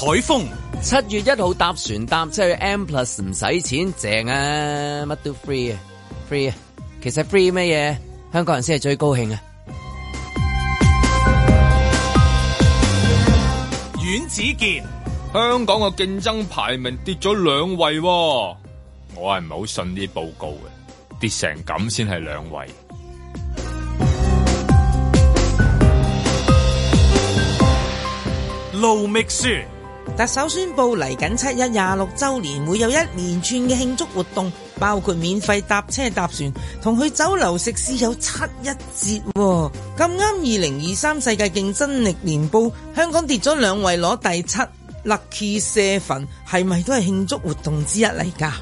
海風，七月一號搭船搭車去 M Plus 唔使錢，正啊，乜都 free 啊 free 啊，其實 free 咩嘢？香港人先係最高興啊，阮子健。香港嘅競爭排名跌咗兩位喎，我係唔係好信呢啲報告嘅？跌成咁先係兩位。盧覓雪。特首宣布嚟緊七一廿六周年會有一連串嘅慶祝活動，包括免費搭車搭船同去酒樓食肆有七一折，哦。咁啱二零二三世界競爭力年報，香港跌咗兩位攞第七，lucky seven 係咪都係慶祝活動之一嚟㗎？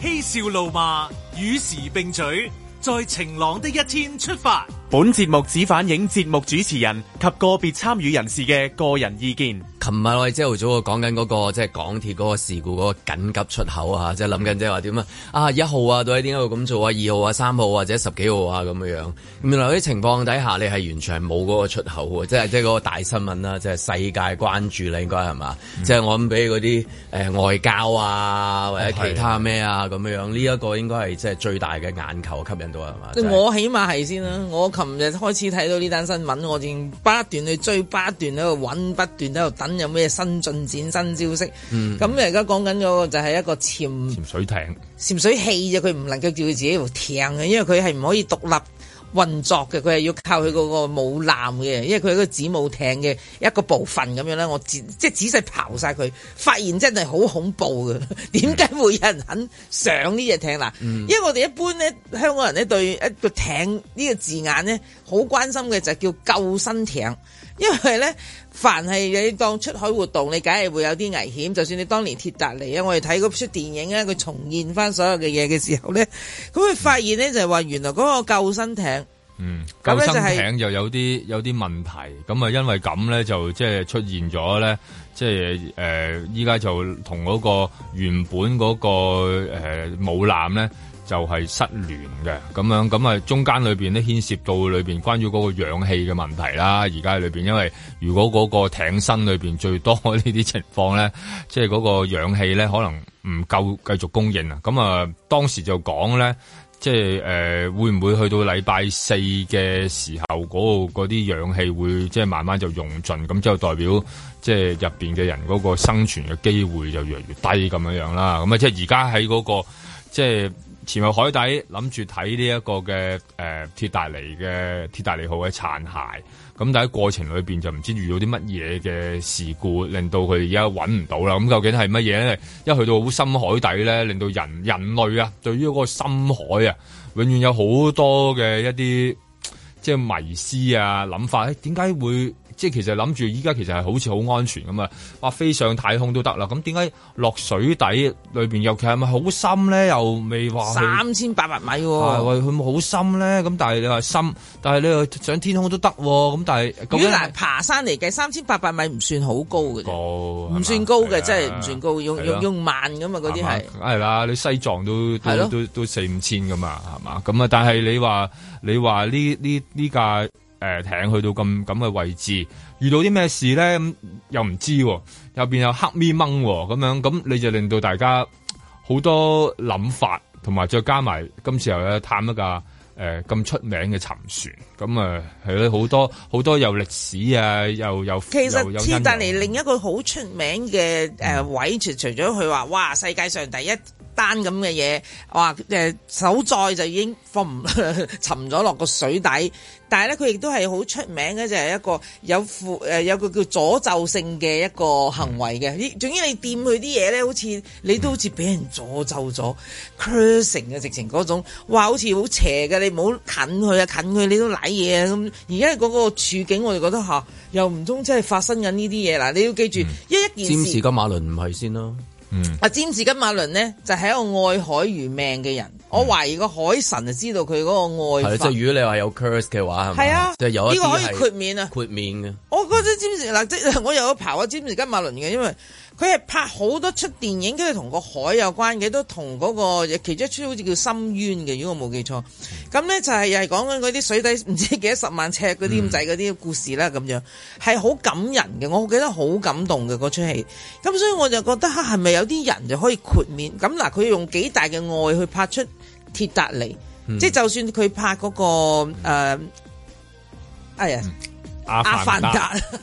嬉笑怒罵與時並舉，在晴朗的一天出發。本節目只反映節目主持人及個別參與人士嘅個人意見。琴日我哋朝頭早講緊嗰個即係港鐵嗰個事故嗰個緊急出口啊，即係諗緊即係話點啊，啊一號啊到底點解會咁做啊？二號啊、三號或者十幾號啊咁樣樣。原來啲情況底下，你係完全冇嗰個出口嘅，即係即係嗰個大新聞啊，即係世界關注你應該係嘛？即係，嗯，我諗，俾嗰啲誒外交啊或者其他咩啊咁樣樣，呢一個應該係即係最大嘅眼球吸引到係嘛？我起碼係先啦，嗯，我。琴日開始睇到呢單新聞，我仲不斷去追，不斷喺度揾，不斷喺度等，有咩新進展、新消息。嗯，咁而家講緊個就係一個潛潛水艇、潛水器，就佢唔能夠叫佢自己度艇嘅，因為佢係唔可以獨立運作嘅，佢係要靠佢嗰個母艦嘅，因為佢係個子母艇嘅一個部分咁樣咧，我仔即係仔細刨晒佢，發現真係好恐怖㗎。點解會有人肯上呢隻艇？嗱，因為我哋一般咧，香港人咧對一個艇呢個字眼咧好關心嘅就係叫救生艇。因為咧，凡係你當出海活動，你梗係會有啲危險。就算你當年鐵達尼啊，我哋睇嗰出電影咧，佢重現翻所有嘅嘢嘅時候咧，咁佢發現咧就係話，原來嗰個救生艇，嗯，救生艇就係，救生艇就有啲有啲問題。咁啊，因為咁咧就即係出現咗咧，即係誒，呃，依家就同嗰個原本嗰個誒、呃、母艦咧。就係失聯嘅咁樣，咁啊中間裏邊咧牽涉到裏邊關於嗰個氧氣嘅問題啦。而家喺裏邊，因為如果嗰個艇身裏邊最多況呢啲情況咧，即係嗰個氧氣咧可能唔夠繼續供應啊。咁啊、呃、當時就講咧，即係誒、呃、會唔會去到禮拜四嘅時候嗰、嗰度嗰啲氧氣會即係慢慢就用盡，咁就代表即係入邊嘅人嗰個生存嘅機會就越嚟越低咁樣樣啦。咁啊即係而家喺嗰個即係。潛入海底，諗住睇呢一個嘅誒、呃、鐵達尼嘅鐵達尼號嘅殘骸，咁但係過程裏邊就唔知遇到啲乜嘢嘅事故，令到佢而家揾唔到啦。咁究竟係乜嘢咧？一去到深海底咧，令到人人類啊，對於嗰個深海啊，永遠有好多嘅一啲即係迷思啊諗法，誒點解會？即係其實諗住依家其實係好似好安全咁啊！話飛上太空都得啦，咁點解落水底裏邊尤其係咪好深咧？又未話三千八百米喎、啊，佢咪好深咧？咁但係你話深，但係你又上天空都得、啊，咁但係如果嚟爬山嚟計三千八百米唔算好高嘅，唔算高嘅，即係唔算高，啊、用用用慢咁啊嗰啲係係啦，你西藏都吧都都，都，都四五千咁嘛，係嘛？咁啊，但係你話你話呢呢呢架？誒、呃、艇去到咁咁嘅位置，遇到啲咩事咧，嗯？又唔知入邊、啊、有黑咪掹喎、哦，咁樣咁你就令到大家好多諗法，同埋再加埋今次又去探一架誒咁出名嘅沉船。咁啊，係咯、嗯，好、嗯、多好多有歷史啊，又有其實鐵達尼另一個好出名嘅誒位，除除咗佢話哇世界上第一單咁嘅嘢，哇誒、呃、手再就已經呵呵沉沉咗落個水底，但係咧佢亦都係好出名嘅就係、是、一個有誒、呃、有個叫詛咒性嘅一個行為嘅，嗯、總之你掂佢啲嘢咧，好似你都好似俾人詛咒咗，cursing 啊，直情、嗯、嗰種哇好似好邪嘅，你唔好近佢啊，近佢你都難。睇嘢咁，而家嗰個處境我哋覺得吓，又唔通真係發生緊呢啲嘢嗱。你要記住，一、嗯、一件事。詹士金馬倫唔係先咯，阿詹士金馬倫咧就係、是、一個愛海如命嘅人。嗯、我懷疑個海神就知道佢嗰個愛。即係、就是、如果你話有 curse 嘅話，係啊，即係有一啲係呢個可以豁免 James, 啊，豁免嘅。我覺得詹士嗱，即係我有刨阿詹士金馬倫嘅，因為。佢係拍好多出電影，跟住同個海有關嘅，都同嗰、那個其中一出好似叫《深淵》嘅，如果我冇記錯。咁咧就係又係講緊嗰啲水底唔知幾多十萬尺嗰啲咁滯嗰啲故事啦，咁、嗯、樣係好感人嘅，我記得好感動嘅嗰出戲。咁所以我就覺得嚇，係咪有啲人就可以豁免？咁嗱，佢用幾大嘅愛去拍出《鐵達尼》，嗯，即係就，就算佢拍嗰、那個、呃嗯、哎呀～、嗯阿凡達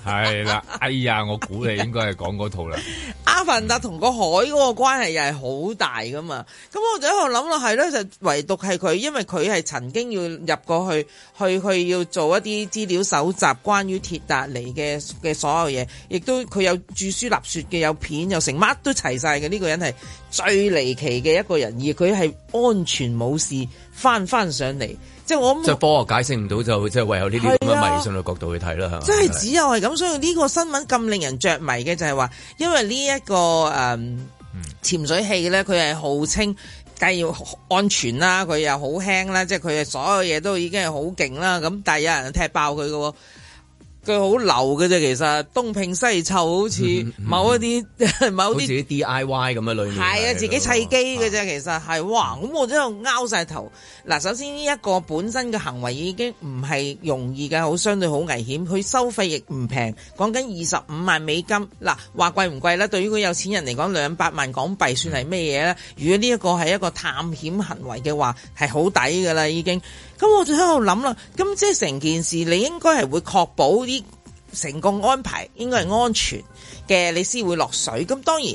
係啦，哎呀，我估你應該係講嗰套啦。 阿凡達同個海嗰個關係又係好大噶嘛？咁我就喺度諗落係咧就唯獨係佢，因為佢係曾經要入過去，去去，去要做一啲資料搜集關於鐵達，關於鐵達尼嘅嘅所有嘢，亦都佢有著書立說嘅，有片，又成乜都齊晒嘅呢個人係最離奇嘅一個人，而佢係安全冇事翻翻上嚟。即係我即係科學解釋唔到，我就即係唯有呢啲咁嘅迷信嘅角度去睇啦嚇。啊、吧真係只有係咁，所以呢個新聞咁令人着迷嘅就係話，因為呢、這、一個誒、嗯嗯、潛水器咧，佢係號稱梗要安全啦，佢又好輕啦，即係佢係所有嘢都已經係好勁啦。咁但係有人踢爆佢嘅喎。佢好流嘅啫，其實東拼西湊，好似某一啲、嗯嗯嗯、某啲 D I Y 咁嘅類型，係啊的，的自己砌機嘅啫。啊、其實係哇，咁我真係拗晒頭。嗱，首先呢一、這個本身嘅行為已經唔係容易嘅，好相對好危險。佢收費亦唔平，講緊二十五萬美金。嗱，話貴唔貴呢？對於個有錢人嚟講，兩百萬港幣算係咩嘢呢？嗯、如果呢一個係一個探險行為嘅話，係好抵噶啦，已經。咁我就喺度諗啦，咁即係成件事，你應該係會確保啲成功安排，應該係安全嘅，你先會落水。咁當然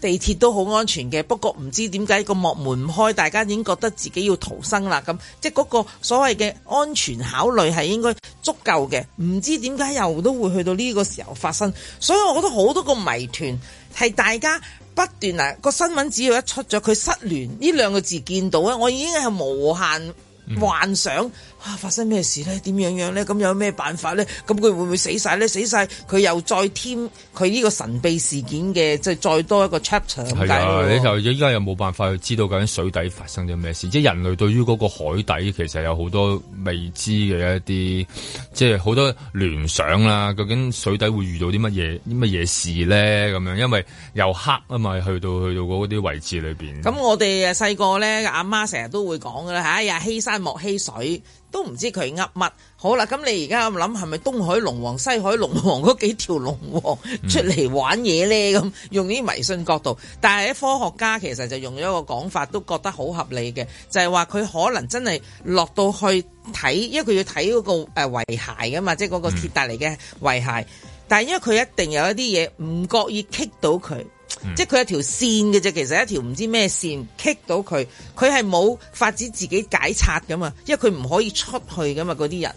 地鐵都好安全嘅，不過唔知點解，個幕門唔開，大家已經覺得自己要逃生啦。咁即係嗰個所謂嘅安全考慮係應該足夠嘅，唔知點解又都會去到呢個時候發生。所以我覺得好多個謎團係大家不斷啊，個新聞，只要一出咗佢失聯呢兩個字，見到啊，我已經係無限。幻想。啊！發生咩事咧？點樣樣咧？咁有咩辦法咧？咁佢會唔會死晒咧？死晒，佢又再添佢呢個神秘事件嘅，即係再多一個 chapter 咁解的。係你就依家又冇辦法去知道究竟水底發生咗咩事，即係人類對於嗰個海底其實有好多未知嘅一啲，即係好多聯想啦。究竟水底會遇到啲乜嘢、乜嘢事咧？咁樣，因為又黑啊嘛，去到去到嗰啲位置裏邊。咁我哋誒細個咧，阿媽成日都會講噶啦，啊呀，欺山莫欺水。都唔知佢噏乜，好啦，咁你而家咁諗係咪東海龍王、西海龍王嗰幾條龍王出嚟玩嘢呢？咁用啲迷信角度，但係啲科學家其實就用咗一個講法，都覺得好合理嘅，就係話佢可能真係落到去睇，因為佢要睇嗰個誒遺骸嘅嘛，即係嗰個鐵達尼嘅遺骸。但係因為佢一定有一啲嘢唔覺意棘到佢。嗯、即係佢係條線嘅啫，其實一條唔知咩線棘到佢，佢係冇法子自己解拆噶嘛，因為佢唔可以出去噶嘛。嗰啲人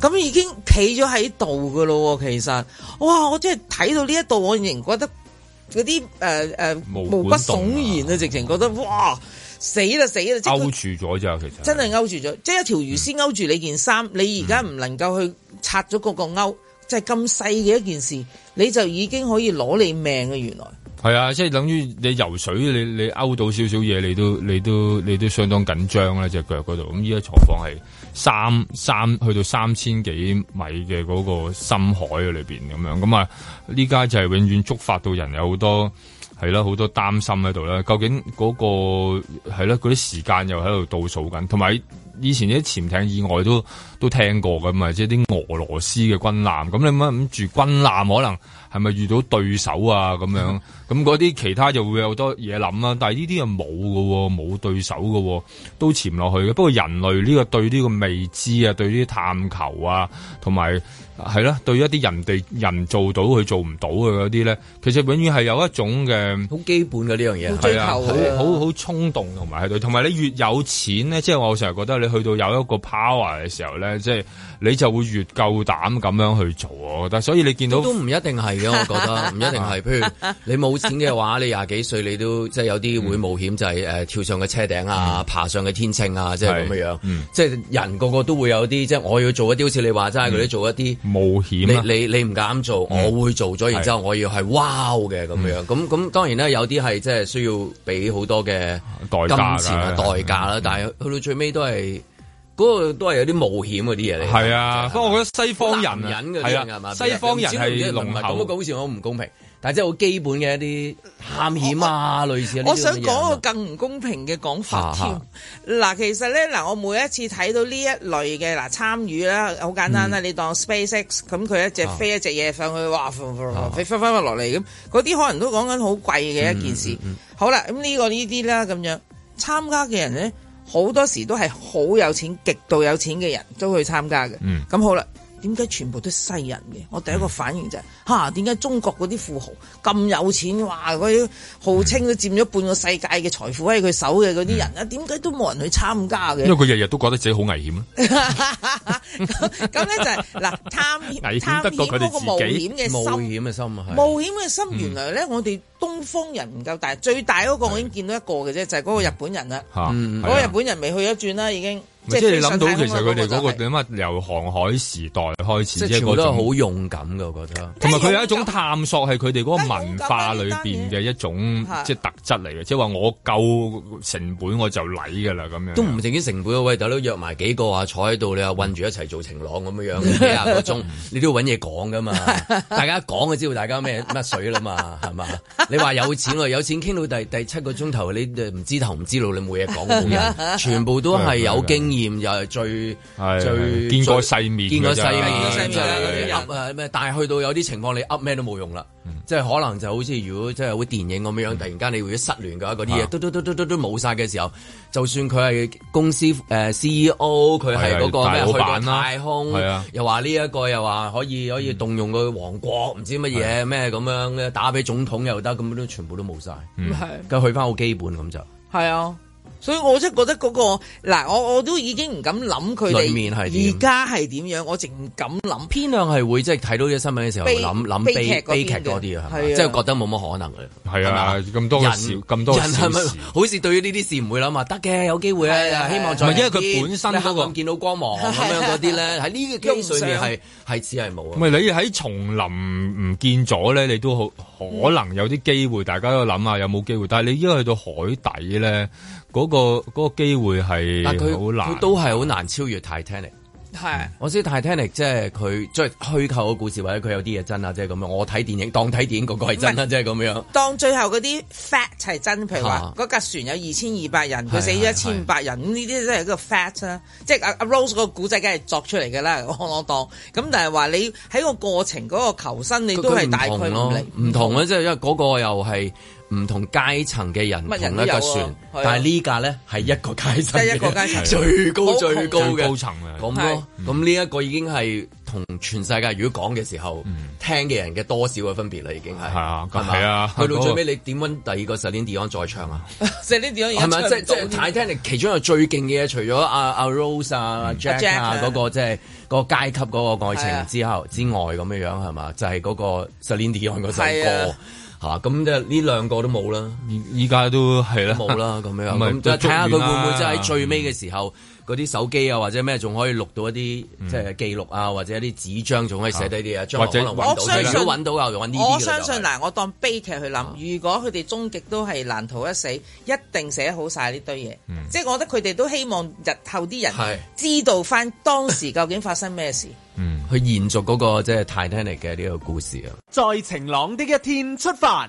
咁已經企咗喺度噶咯。其實哇，我真係睇到呢一度，我仍然覺得嗰啲誒誒毛骨悚然啊，直情覺得哇死啦死啦，即係勾住咗咋，其實真係勾住咗，嗯、即係一條魚絲勾住你件衫，嗯、你而家唔能夠去拆咗嗰個勾，即係咁細嘅一件事，你就已經可以攞你命啊！原來。係啊，即係等於你游水，你你勾到少少嘢，你都你都你都，你都相當緊張啦隻腳嗰度。咁依家狀況係三三去到三千幾米嘅嗰個深海啊，裏邊咁樣，咁啊呢家就係永遠觸發到人有好多係啦，好、啊、多擔心喺度啦。究竟嗰、嗰個係啦，嗰啲、啊、時間又喺度倒數緊，同埋。以前啲潛艇意外都都聽過噶啊，即係啲俄羅斯嘅軍艦，咁你乜諗住軍艦可能係咪遇到對手啊？咁樣咁啲、嗯、其他就會有好多嘢諗啊，但係呢啲又冇噶，冇對手噶、哦，都潛落去嘅。不過人類呢、這個對呢個未知啊，對呢啲探求啊，同埋係啦對一啲人哋人做到佢做唔到嘅嗰啲咧，其實永遠係有一種嘅好基本嘅呢樣嘢，追求好好好衝動同埋係對，同埋、啊啊、你越有錢咧，即係我成日覺得。去到有一個 power 嘅時候咧，即係。你就會越夠膽咁樣去做，但係所以你見到都唔一定係嘅，我覺得唔一定係。譬如你冇錢嘅話，你廿幾歲你都即係有啲會冒險，嗯、就係、是、誒、呃、跳上個車頂啊，爬上個天秤啊，即係咁嘅樣。嗯、即係人個個都會有啲，即係我要做一啲好似你話齋嗰啲做一啲冒險、啊你。你你你唔敢做，嗯、我會做咗，然之後我要係哇嘅咁樣。咁咁、嗯、當然啦，有啲係即係需要俾好多嘅金錢嘅代價啦。價但係去到最尾都係。嗰個都係有啲冒險嗰啲嘢嚟，係啊！不過我覺得西方人人嘅先係嘛，西方人係農民，咁好似好唔公平，但係真係好基本嘅一啲探險啊類似。我想講個更唔公平嘅講法添。嗱，其實咧，嗱，我每一次睇到呢一類嘅嗱參與啦，好簡單啦，你當 SpaceX 咁佢一隻飛一隻嘢上去，哇，飛翻翻落嚟咁，嗰啲可能都講緊好貴嘅一件事。好啦，咁呢個呢啲啦，咁樣參加嘅人咧。好多時都係好有錢、極度有錢嘅人都去參加嘅。咁、嗯、好啦。點解全部都係西人嘅？我第一個反應就係、是，吓點解中國嗰啲富豪咁有錢，哇！嗰啲號稱都佔咗半個世界嘅財富喺佢手嘅嗰啲人啊，點解、嗯、都冇人去參加嘅？因為佢日日都覺得自己好危險咯。咁咧 就係、是、嗱，探險探險嗰個冒險嘅心，險冒險嘅心冒險嘅心。原來咧，我哋東方人唔夠大，嗯、最大嗰個我已經見到一個嘅啫，的就係嗰個日本人啦。嗰個日本人未去咗轉啦，已經。即係你諗到，其實佢哋嗰個點解，由航海時代開始，即係覺得好勇敢噶，我覺得。同埋佢有一種探索，係佢哋嗰個文化裏邊嘅一種即係特質嚟嘅，即係話我夠成本我就嚟噶啦咁樣。都唔淨止成本啊，喂，大佬約埋幾個啊，坐喺度你又混住一齊做情郎咁樣樣，幾廿個鐘 你都要揾嘢講噶嘛？大家講就知道大家咩乜水啦嘛？係嘛？ 你話有錢啊？有錢傾到第第七個鐘頭，你唔知頭唔知路，你冇嘢講，冇嘢，全部都係有經驗。 驗又係最最見過世面，見過世面。但係去到有啲情況，你噏咩都冇用啦。即係可能就好似如果即係會電影咁樣，突然間你會失聯嘅話，嗰啲嘢都都都都都都冇晒嘅時候，就算佢係公司誒 CEO，佢係嗰個咩去到太空，又話呢一個又話可以可以動用個王國，唔知乜嘢咩咁樣打俾總統又得，咁都全部都冇晒。嗯，去翻好基本咁就係啊。所以我真覺得嗰個嗱，我我都已經唔敢諗佢面哋而家係點樣，我淨唔敢諗。偏向係會即係睇到呢啲新聞嘅時候，諗諗悲悲劇多啲啊，即係覺得冇乜可能嘅。係啊，咁多嘅事，咁多事，好似對於呢啲事唔會諗啊。得嘅有機會咧，希望再。唔因為佢本身嗰個見到光芒咁樣嗰啲咧，喺呢啲水面係係只係冇。唔係你喺叢林唔見咗咧，你都好可能有啲機會，大家都諗下有冇機會。但係你依家去到海底咧。嗰個嗰個機會係，但佢都係好難超越 Titanic。係，我知 Titanic 即係佢即係虛構嘅故事，或者佢有啲嘢真啊，即係咁樣。我睇電影當睇電影，嗰個係真啊，即係咁樣。當最後嗰啲 fact 係真，譬如話嗰架船有二千二百人，佢死咗一千五百人，咁呢啲都係一個 fact 啊。即係阿 Rose 個古仔，梗係作出嚟嘅啦，啷啷當。咁但係話你喺個過程嗰個求生，你都係大概唔同啊！即係因為嗰個又係。唔同階層嘅人同一架船，但係呢架咧係一個階層嘅最高、最高、最高層嘅咁咯。咁呢一個已經係同全世界如果講嘅時候聽嘅人嘅多少嘅分別啦，已經係係啊，係啊。去到最尾，你點揾第二個 Celine Dion 再唱啊？Celine Dion 係咪即係即係 Titanic 其中又最勁嘅除咗阿阿 Rose 啊、Jack 啊嗰個即係個階級嗰個愛情之後之外，咁樣樣係嘛？就係嗰個 Celine Dion 嗰首歌。啊，咁就呢兩個都冇啦，依依家都係啦，冇啦，咁、啊、樣咁就睇下佢會唔會即係喺最尾嘅時候。嗰啲手機啊，或者咩仲可以錄到一啲、嗯、即係記錄啊，或者一啲紙張仲可以寫低啲啊，將來可能揾到。我相信揾到啊，用呢啲、就是、我相信嗱，我當悲劇去諗，啊、如果佢哋終極都係難逃一死，一定寫好晒呢堆嘢。嗯、即係我覺得佢哋都希望日後啲人知道翻當時究竟發生咩事。是 嗯，去延續嗰、那個即係、就是、Titanic 嘅呢個故事啊。在晴朗的一天出發。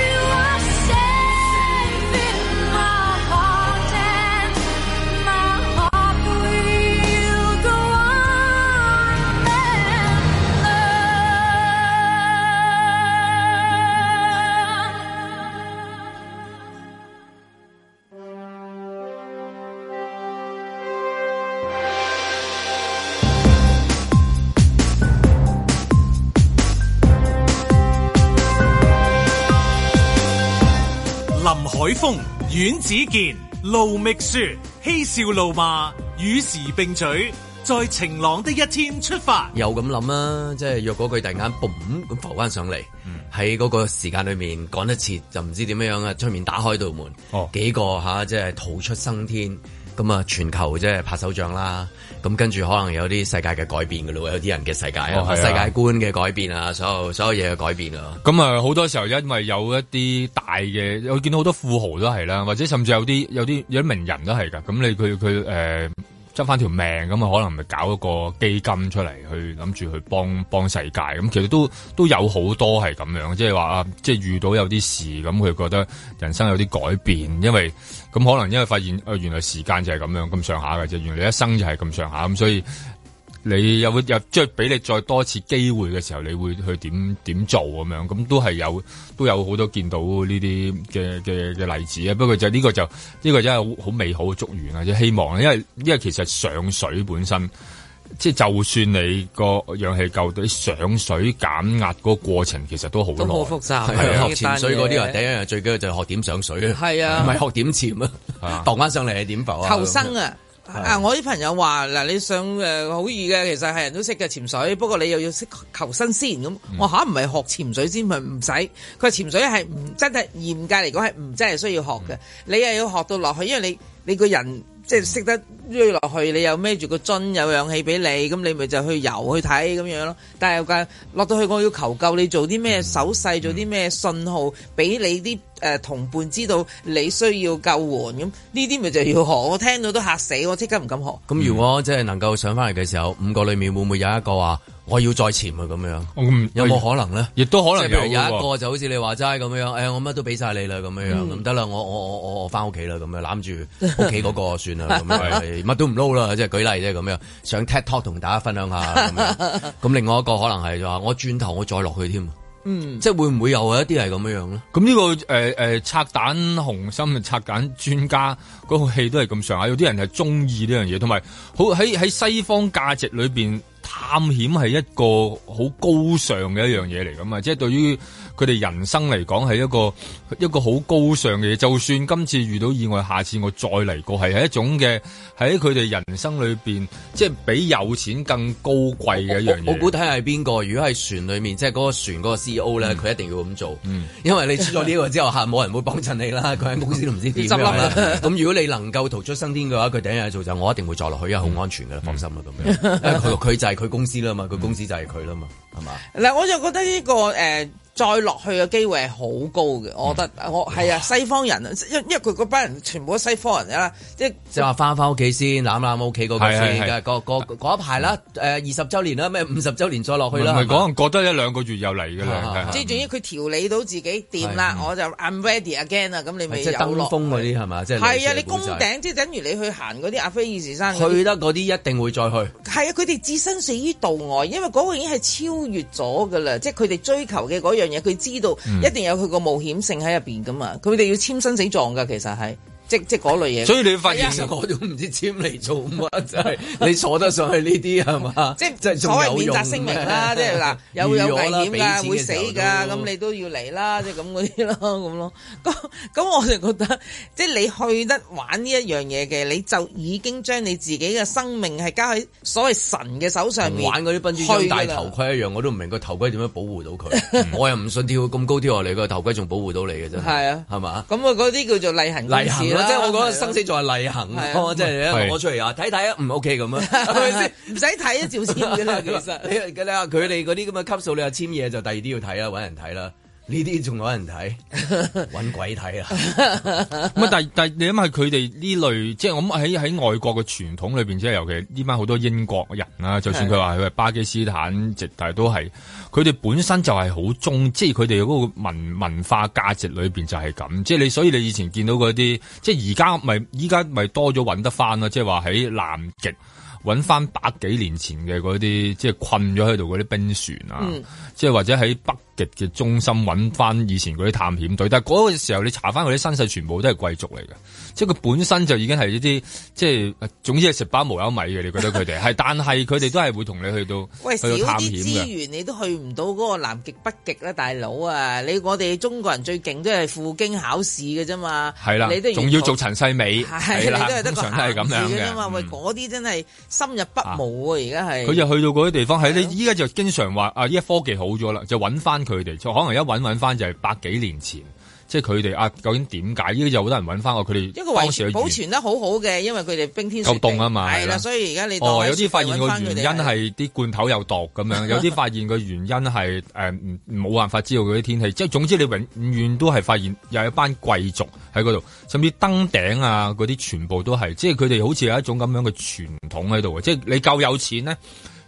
風阮子健、盧覓雪，嬉笑怒罵與時並嘴，在晴朗的一天出發。有咁諗啊，即係若果佢突然間嘣咁浮翻上嚟，喺嗰、嗯、個時間裏面趕一次，就唔知點樣樣啊！出面打開道門，哦、幾個吓即係逃出生天。咁啊，全球即係拍手掌啦，咁跟住可能有啲世界嘅改變噶啦，有啲人嘅世界、哦、啊，世界觀嘅改變啊，所有所有嘢嘅改變啊。咁啊、哦，好多時候因為有一啲大嘅，我見到好多富豪都係啦，或者甚至有啲有啲有啲名人都係噶。咁你佢佢誒執翻條命，咁啊可能咪搞一個基金出嚟，去諗住去幫幫世界。咁其實都都有好多係咁樣，即係話啊，即係遇到有啲事，咁佢覺得人生有啲改變，因為。咁可能因為發現，誒原來時間就係咁樣咁上下嘅啫，原來一生就係咁上下咁，所以你又會又即係俾你再多次機會嘅時候，你會去點點做咁樣，咁都係有都有好多見到呢啲嘅嘅嘅例子啊。不過就呢、這個就呢、這個真係好美好嘅祝願啊！即希望，因為因為其實上水本身。即係就算你個氧氣夠，啲上水減壓嗰個過程其實都好耐，都好複雜，係 啊！學潛水嗰啲啊， 第一樣最緊要就係學點上水啊，係啊，唔係學點潛啊，蕩翻、啊、上嚟係點浮啊？求生啊！啊，我啲朋友話嗱，你上誒好易嘅，其實係人都識嘅潛水，不過你又要識求生先咁。嗯、我嚇唔係學潛水先，咪唔使。佢潛水係唔真係嚴格嚟講係唔真係需要學嘅，嗯、你又要學到落去，因為你你，你個人即係識得。追落去，你又孭住個樽有氧氣俾你，咁你咪就去游去睇咁樣咯。但係落到去我要求救，你做啲咩、嗯、手勢，做啲咩信號俾你啲誒、呃、同伴知道你需要救援咁？呢啲咪就要學，嗯、我聽到都吓死，我即刻唔敢學。咁、嗯、如果即係能夠上翻嚟嘅時候，五個裏面會唔會有一個話我要再潛啊咁樣？哦嗯、有冇可能咧？亦都可能有。有一個就好似你話齋咁樣，誒我乜都俾晒你啦，咁樣咁得啦，我、嗯、我我我翻屋企啦，咁樣攬住屋企嗰個算啦咁 乜都唔撈啦，即係舉例即啫咁樣，想踢 k 同大家分享下。咁另外一個可能係就話，我轉頭我再落去添。嗯，即係會唔會有一啲係咁樣樣咧？咁呢、這個誒誒、呃呃，拆彈雄心嘅拆彈專家嗰部戲都係咁上下。有啲人係中意呢樣嘢，同埋好喺喺西方價值裏邊探險係一個好高尚嘅一樣嘢嚟，咁啊！即係對於。佢哋人生嚟講係一個一個好高尚嘅嘢，就算今次遇到意外，下次我再嚟過係一種嘅喺佢哋人生裏邊，即係比有錢更高貴嘅一樣嘢。我估睇下係邊個？如果係船裡面，即係嗰個船嗰個 CEO 咧，佢一定要咁做。嗯，因為你出咗呢個之後吓，冇人會幫襯你啦，佢喺公司都唔知點執笠啦。咁如果你能夠逃出生天嘅話，佢第一日做就我一定會坐落去，因為好安全噶啦，放心啦咁樣。佢佢就係佢公司啦嘛，佢公司就係佢啦嘛，係嘛？嗱，我就覺得呢個誒。再落去嘅機會係好高嘅，我覺得我係啊，西方人，因因為佢嗰班人全部都西方人啦，即係即係話翻翻屋企先，攬攬屋企過幾年嘅，嗰嗰嗰一排啦，誒二十周年啦，咩五十周年再落去啦。唔係嗰陣覺得一兩個月又嚟嘅啦，即係仲要佢調理到自己掂啦，我就 I'm ready again 啦，咁你咪有落？即係登峰嗰啲係嘛？係啊，你攻頂即係等於你去行嗰啲阿非爾士山。去得嗰啲一定會再去。係啊，佢哋置身死於度外，因為嗰個已經係超越咗㗎啦，即係佢哋追求嘅嗰樣樣嘢佢知道，一定有佢個冒險性喺入邊噶嘛，佢哋要簽生死狀噶，其實係。即即嗰類嘢，所以你發現其實我都唔知簽嚟做乜，真係你坐得上去呢啲係嘛？即即所謂免責聲明啦，即嗱有冇有危險㗎？會死㗎，咁你都要嚟啦，即咁嗰啲啦，咁咯。咁咁我就覺得，即你去得玩呢一樣嘢嘅，你就已經將你自己嘅生命係交喺所謂神嘅手上面。玩嗰啲笨豬跳戴頭盔一樣，我都唔明個頭盔點樣保護到佢。我又唔信跳咁高跳落嚟個頭盔仲保護到你嘅啫。係啊，係嘛？咁啊嗰啲叫做例行例行啦。即係我講生死係例行，嘅，即係攞出嚟啊！睇睇啊，唔 OK 咁樣，唔使睇啊，照簽㗎啦。其實 你你話佢哋嗰啲咁嘅級數，你話簽嘢就第二啲要睇啦，揾人睇啦。呢啲仲有人睇，揾鬼睇啊！咁啊， 但但你諗下，佢哋呢類，即係我諗喺喺外國嘅傳統裏邊，即係尤其呢班好多英國人啦，就算佢話佢係巴基斯坦籍，但係都係佢哋本身就係好中，即係佢哋嗰個文文化價值裏邊就係咁。即係你，所以你以前見到嗰啲，即係而家咪依家咪多咗揾得翻啦，即係話喺南極揾翻百幾年前嘅嗰啲，即係困咗喺度嗰啲冰船啊，即係、嗯、或者喺北。嘅中心揾翻以前嗰啲探險隊，但係嗰個時候你查翻佢啲身世，全部都係貴族嚟嘅，即係佢本身就已經係一啲，即係總之係食飽無有米嘅。你覺得佢哋係？ 但係佢哋都係會同你去到，喂，少啲資源你都去唔到嗰個南極北極啦，啊，大佬啊！你我哋中國人最勁都係赴京考試嘅啫嘛，係啦，啊，你都仲要做陳世美，係啦，啊，啊、都係得個鹹魚。喂，嗰啲真係深入不毛啊！而家係佢就去到嗰啲地方，係咧，啊，依家就經常話啊，依家科技好咗啦，就揾翻。佢哋就可能一揾揾翻就係百幾年前，即係佢哋啊，究竟點解呢啲就好多人揾翻？我佢哋當時保存得好好嘅，因為佢哋冰天雪地，夠凍啊嘛，係啦。啦所以而家你、哦、有啲發現個原因係啲罐頭毒 有毒咁樣，有啲發現個原因係誒冇辦法知道嗰啲天氣。即係總之你永遠都係發現有一班貴族喺嗰度，甚至登頂啊嗰啲全部都係，即係佢哋好似有一種咁樣嘅傳統喺度。即係你夠有錢呢？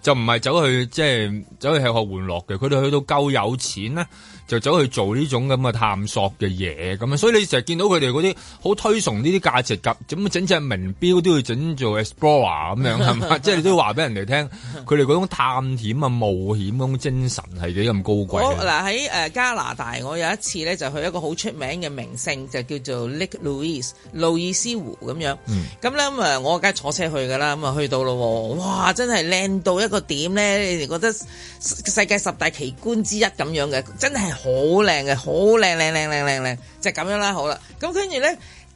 就唔係走去即係、就是、走去吃喝玩樂嘅，佢哋去到夠有錢咧，就走去做呢種咁嘅探索嘅嘢咁啊，所以你成日見到佢哋嗰啲好推崇呢啲價值，及咁整隻名錶都要整做 Explorer 咁樣，係嘛？即係你都要話俾人哋聽，佢哋嗰種探險啊冒險嗰種精神係幾咁高貴。嗱，喺誒加拿大，我有一次咧就去一個好出名嘅名勝，就叫做 Lake Louise 路易斯湖咁樣。咁咧、嗯、我梗係坐車去㗎啦，咁啊去到咯，哇！真係靚到一個點咧，你哋覺得世界十大奇觀之一咁樣嘅，真係～好靚嘅，好靚靚靚靚靚靚，就咁樣啦，好啦。咁跟住呢，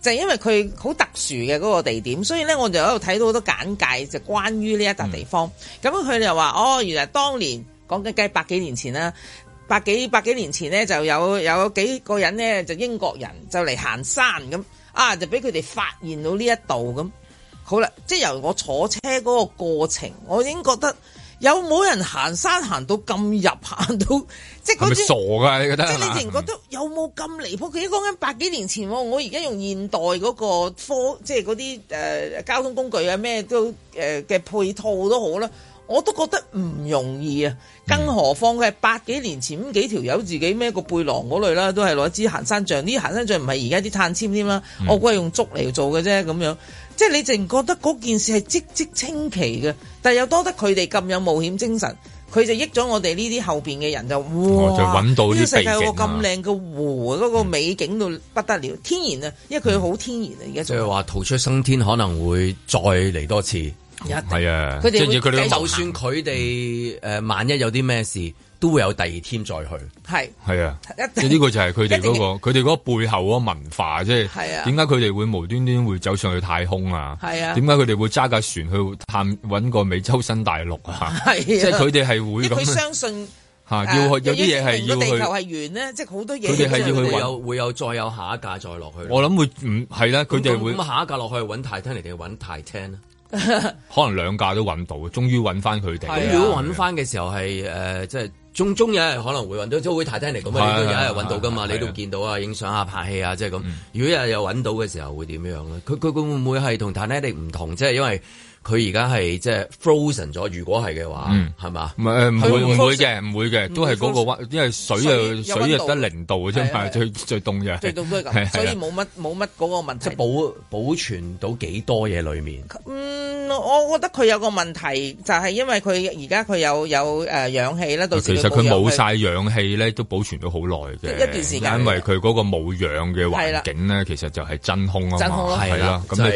就係因為佢好特殊嘅嗰個地點，所以呢，我就喺度睇到好多簡介，就關於呢一笪地方。咁佢哋又話哦，原來當年講緊計百幾年前啦，百幾百幾年前呢，就有有幾個人呢，就英國人就嚟行山咁，啊就俾佢哋發現到呢一度咁。好啦，即係由我坐車嗰個過程，我已經覺得。有冇人行山行到咁入，行到即係嗰啲傻噶？你覺得即係你淨覺得、嗯、有冇咁離譜？佢一講緊百幾年前，我而家用現代嗰個科，即係嗰啲誒交通工具啊咩都誒嘅、呃、配套都好啦，我都覺得唔容易啊！更何況佢係百幾年前咁幾條友自己孭個背囊嗰類啦，都係攞一支行山杖。呢啲行山杖唔係而家啲碳纖添啦，嗯、我估係用竹嚟做嘅啫咁樣。即係你淨覺得嗰件事係積即清奇嘅，但係又多得佢哋咁有冒險精神，佢就益咗我哋呢啲後邊嘅人就哇！哦、就到係搵到啲秘境，咁靚嘅湖，嗰個、嗯、美景到不得了，天然啊，因為佢好天然而家、嗯、就係話逃出生天可能會再嚟多次，係、嗯、定啊，佢哋就，就算佢哋誒，萬一有啲咩事。都會有第二天再去，係，係啊，即係呢個就係佢哋嗰個，佢哋嗰個背後嗰個文化啫，係啊，點解佢哋會無端端會走上去太空啊？係啊，點解佢哋會揸架船去探揾個美洲新大陸啊？即係佢哋係會咁。佢相信嚇，要有啲嘢係要去。地球係圓咧，即係好多嘢，佢哋係要去有會有再有下一架再落去。我諗會唔係啦，佢哋會下一架落去揾泰坦嚟定揾泰坦？可能兩架都揾到，終於揾翻佢哋。咁如果揾翻嘅時候係誒，即係。中中有日可能會揾到，即都會 Titanic 咁啊！你都有一日揾到噶嘛？啊、你都見到啊，影相啊，拍戲啊，即係咁。嗯、如果有日又又揾到嘅時候，會點樣咧？佢佢會唔會係同 Titanic 唔同？即、就、係、是、因為。佢而家係即係 frozen 咗，如果係嘅話，係嘛？唔係唔會唔會嘅，唔會嘅，都係嗰個溫，因為水啊水入得零度嘅啫，係最最凍啫，最凍都係咁，所以冇乜冇乜嗰個問題。即係保保存到幾多嘢裏面？嗯，我覺得佢有個問題就係因為佢而家佢有有誒氧氣咧，到其實佢冇晒氧氣咧都保存咗好耐嘅一段時間，因為佢嗰個冇氧嘅環境咧，其實就係真空啊嘛，係啦，就就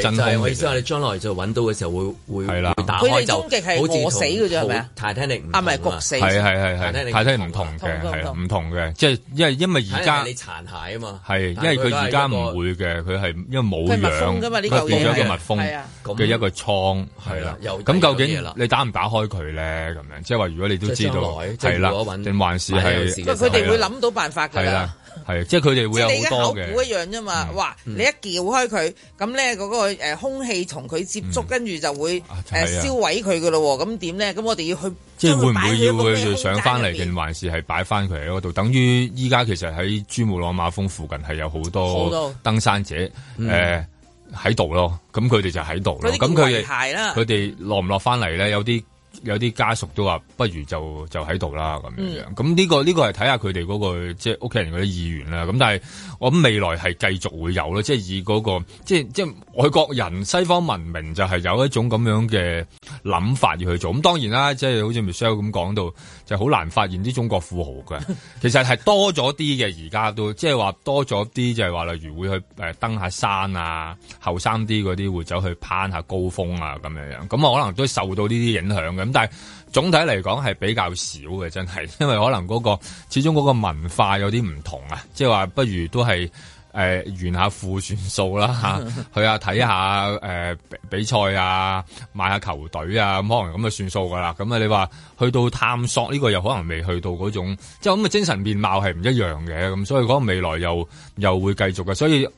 意思話你將來就揾到嘅時候會。係啦，佢哋終極係我死嘅啫，係咪啊？泰坦尼克啊，唔係焗死。係係係係，泰坦尼克唔同嘅，係唔同嘅，即係因為因為而家你殘骸啊嘛。係，因為佢而家唔會嘅，佢係因為冇氧。佢密封㗎嘛，呢嚿嘢係。係啊，咁。嘅一個倉係啦，咁究竟你打唔打開佢咧？咁樣即係話，如果你都知道係啦，定還是係。不過佢哋會諗到辦法㗎啦。係，即係佢哋會有好多嘅，即係你而家考古一樣啫嘛，哇！你一撬開佢，咁咧嗰個誒空氣同佢接觸，跟住就會誒燒毀佢噶咯。咁點咧？咁我哋要去即係會唔會要佢上翻嚟定還是係擺翻佢喺嗰度？等於依家其實喺珠穆朗瑪峰附近係有好多登山者誒喺度咯。咁佢哋就喺度咯。咁佢哋佢哋落唔落翻嚟咧？有啲。有啲家屬都話不如就就喺度啦咁樣樣，咁呢、嗯這個呢、這個係睇下佢哋嗰個即係屋企人嗰啲意願啦。咁但係我諗未來係繼續會有咯，即係以嗰、那個即係即係外國人西方文明就係有一種咁樣嘅諗法要去做。咁當然啦，即係好似 Michelle 咁講到，就好、是、難發現啲中國富豪嘅。其實係多咗啲嘅而家都，即係話多咗啲就係、是、話例如會去誒登下山啊，後生啲嗰啲會走去攀下高峰啊咁樣樣。咁我可能都受到呢啲影響嘅。咁但係總體嚟講係比較少嘅，真係，因為可能嗰、那個始終嗰個文化有啲唔同啊，即係話不如都係誒，完、呃、下副算數啦，吓去下睇下誒、呃、比賽啊，買下球隊啊，咁可能咁就算數噶啦。咁啊，你話去到探索呢個又可能未去到嗰種，即係咁嘅精神面貌係唔一樣嘅，咁所以嗰個未來又又會繼續嘅。所以誒呢、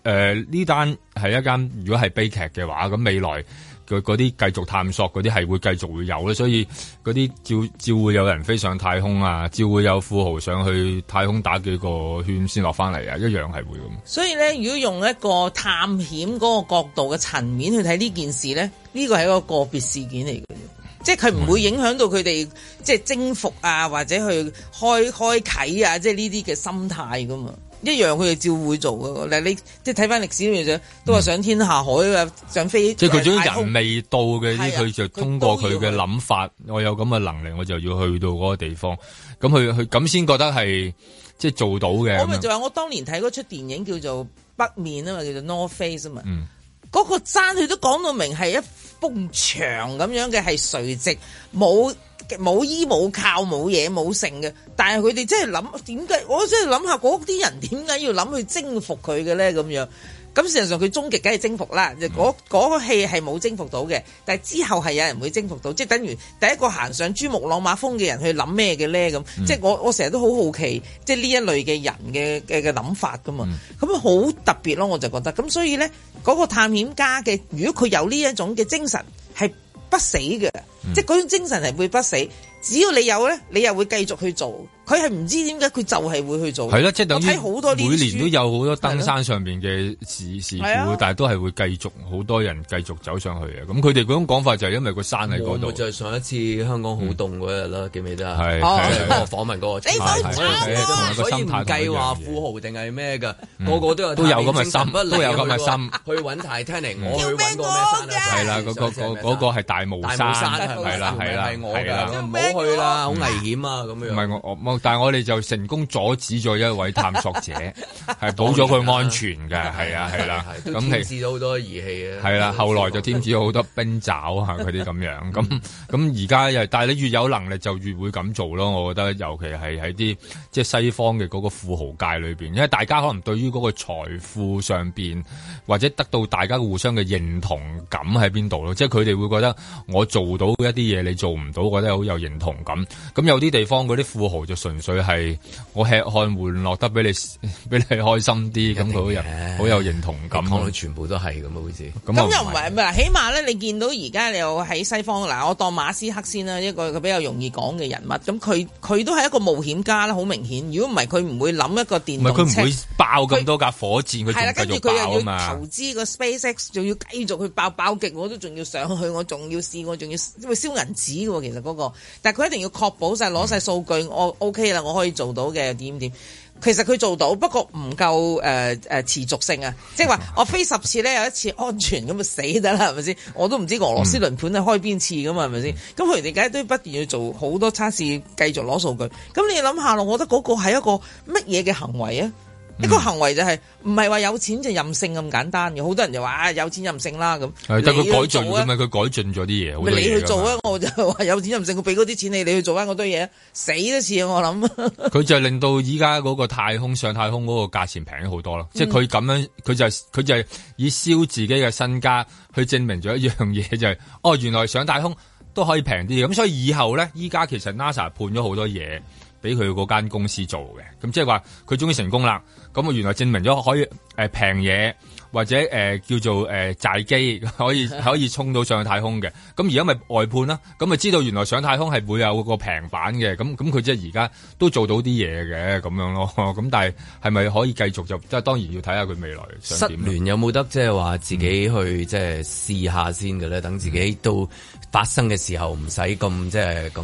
呃、單係一間，如果係悲劇嘅話，咁未來。佢嗰啲繼續探索嗰啲係會繼續會有咧，所以嗰啲照照會有人飛上太空啊，照會有富豪上去太空打幾個圈先落返嚟啊，一樣係會咁。所以咧，如果用一個探險嗰個角度嘅層面去睇呢件事咧，呢個係一個個別事件嚟嘅，即係佢唔會影響到佢哋，即係征服啊，或者去開開啓啊，即係呢啲嘅心態噶嘛。一樣佢哋照會做嘅，嗱，你即係睇翻歷史嗰樣都話上天下海啊，上、嗯、飛即係佢將人未到嘅，啲佢空就通過佢嘅諗法， 我有咁嘅能力，我就要去到嗰個地方，咁去去咁先覺得係即係做到嘅。我咪就話我當年睇嗰出電影叫做《北面》啊嘛，叫做《North Face、嗯》啊嘛，嗰個爭佢都講到明係一埲牆咁樣嘅，係垂直冇。冇依冇靠冇嘢冇剩嘅，但係佢哋真係諗點解？我真係諗下嗰啲人點解要諗去征服佢嘅咧？咁樣咁事實上佢終極梗係征服啦！嗰嗰、嗯、個戲係冇征服到嘅，但係之後係有人會征服到，即係等於第一個行上珠穆朗瑪峰嘅人去諗咩嘅咧？咁、嗯、即係我我成日都好好奇，即係呢一類嘅人嘅嘅諗法噶嘛？咁好、嗯、特別咯，我就覺得。咁所以咧，嗰個探險家嘅，如果佢有呢一種嘅精神，係。不死嘅，嗯、即係嗰種精神係會不死，只要你有咧，你又會繼續去做。佢係唔知點解佢就係會去做。係咯，即係等於每年都有好多登山上邊嘅事事故，但係都係會繼續好多人繼續走上去嘅。咁佢哋嗰種講法就係因為個山喺嗰度。再上一次香港好凍嗰日啦，記唔記得啊？係哦，訪問嗰個。所以唔計話富豪定係咩嘅，個個都有都有咁嘅心，都有咁嘅心去揾 Titanic 嚟。我去揾個咩山啊？係啦，嗰個嗰個係大帽山，係啦，係啦，唔好去啦，好危險啊咁樣。唔係我。但係我哋就成功阻止咗一位探索者，係 保咗佢安全嘅，係 啊，係啦、啊，咁添置咗好多儀器啊，係啦、啊，後來就添置咗好多冰爪啊，嗰啲咁樣，咁咁而家又，但係你越有能力就越會咁做咯，我覺得，尤其係喺啲即係西方嘅個富豪界裏邊，因為大家可能對於個財富上邊或者得到大家互相嘅認同感喺邊度咯，即係佢哋會覺得我做到一啲嘢你做唔到，覺得好有認同感。咁有啲地方啲富豪就。純粹係我吃喝玩樂得俾你俾你開心啲，咁佢好有好有認同感。全部都係咁嘅，好似咁又唔係，起碼咧你見到而家你又喺西方嗱，我當馬斯克先啦，一個佢比較容易講嘅人物。咁佢佢都係一個冒險家啦，好明顯。如果唔係佢唔會諗一個電，佢唔會爆咁多架火箭。佢係啦，跟住佢又要投資個 SpaceX，仲要繼續去爆爆極，我都仲要上去，我仲要試，我仲要會燒銀紙喎。其實嗰、嗰個，但係佢一定要確保晒攞晒數據，我、嗯。O K 啦，我可以做到嘅點點，其實佢做到，不過唔夠誒誒持續性啊，即係話我飛十次咧，有一次安全咁就死得啦，係咪先？我都唔知俄羅斯輪盤係開邊次噶、啊、嘛，係咪先？咁佢哋梗係都要不斷要做好多測試，繼續攞數據。咁你諗下咯，我覺得嗰個係一個乜嘢嘅行為啊？一個行為就係唔係話有錢就任性咁簡單嘅，好多人就話啊，有錢任性啦咁。係的，但佢、啊、改進噶佢改進咗啲嘢，你去做啊？ 我就話有錢任性，佢俾嗰啲錢你，你去做翻嗰堆嘢，死都似我諗。佢就令到依家嗰個太空 上太空嗰個價錢平咗好多咯，嗯、即係佢咁樣，佢就佢就以燒自己嘅身家去證明咗一樣嘢，就係、係、哦，原來上太空都可以平啲咁，所以以後咧，依家其實 NASA 判咗好多嘢。俾佢嗰間公司做嘅，咁即係話佢終於成功啦。咁啊，原來證明咗可以誒平嘢或者誒、呃、叫做誒債、呃、機 可以可以衝到上太空嘅。咁而家咪外判啦。咁咪知道原來上太空係會有個平板嘅。咁咁佢即係而家都做到啲嘢嘅咁樣咯。咁但係係咪可以繼續就即係當然要睇下佢未來想失聯有冇得即係話自己去即係試下先嘅咧？等自己到發生嘅時候唔使咁即係咁。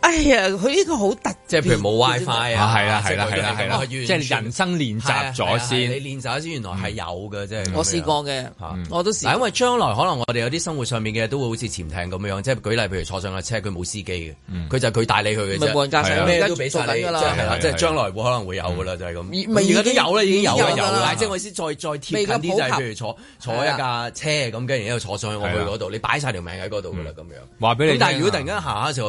哎呀，佢呢個好特，即係譬如冇 WiFi 啊，係啦係啦係啦係啦，即係人生練習咗先，你練習咗先，原來係有嘅，即係。我試過嘅，我都試。因為將來可能我哋有啲生活上面嘅都會好似潛艇咁樣，即係舉例，譬如坐上架車，佢冇司機嘅，佢就佢帶你去嘅啫。唔係駕駛都俾晒你噶啦，即係將來會可能會有噶啦，就係咁。而家都有啦，已經有啦。即係我意思，再再貼近啲就係譬如坐坐一架車咁，跟住然後坐上去我去嗰度，你擺晒條命喺嗰度噶啦，咁樣。話俾你聽。但係如果突然間行下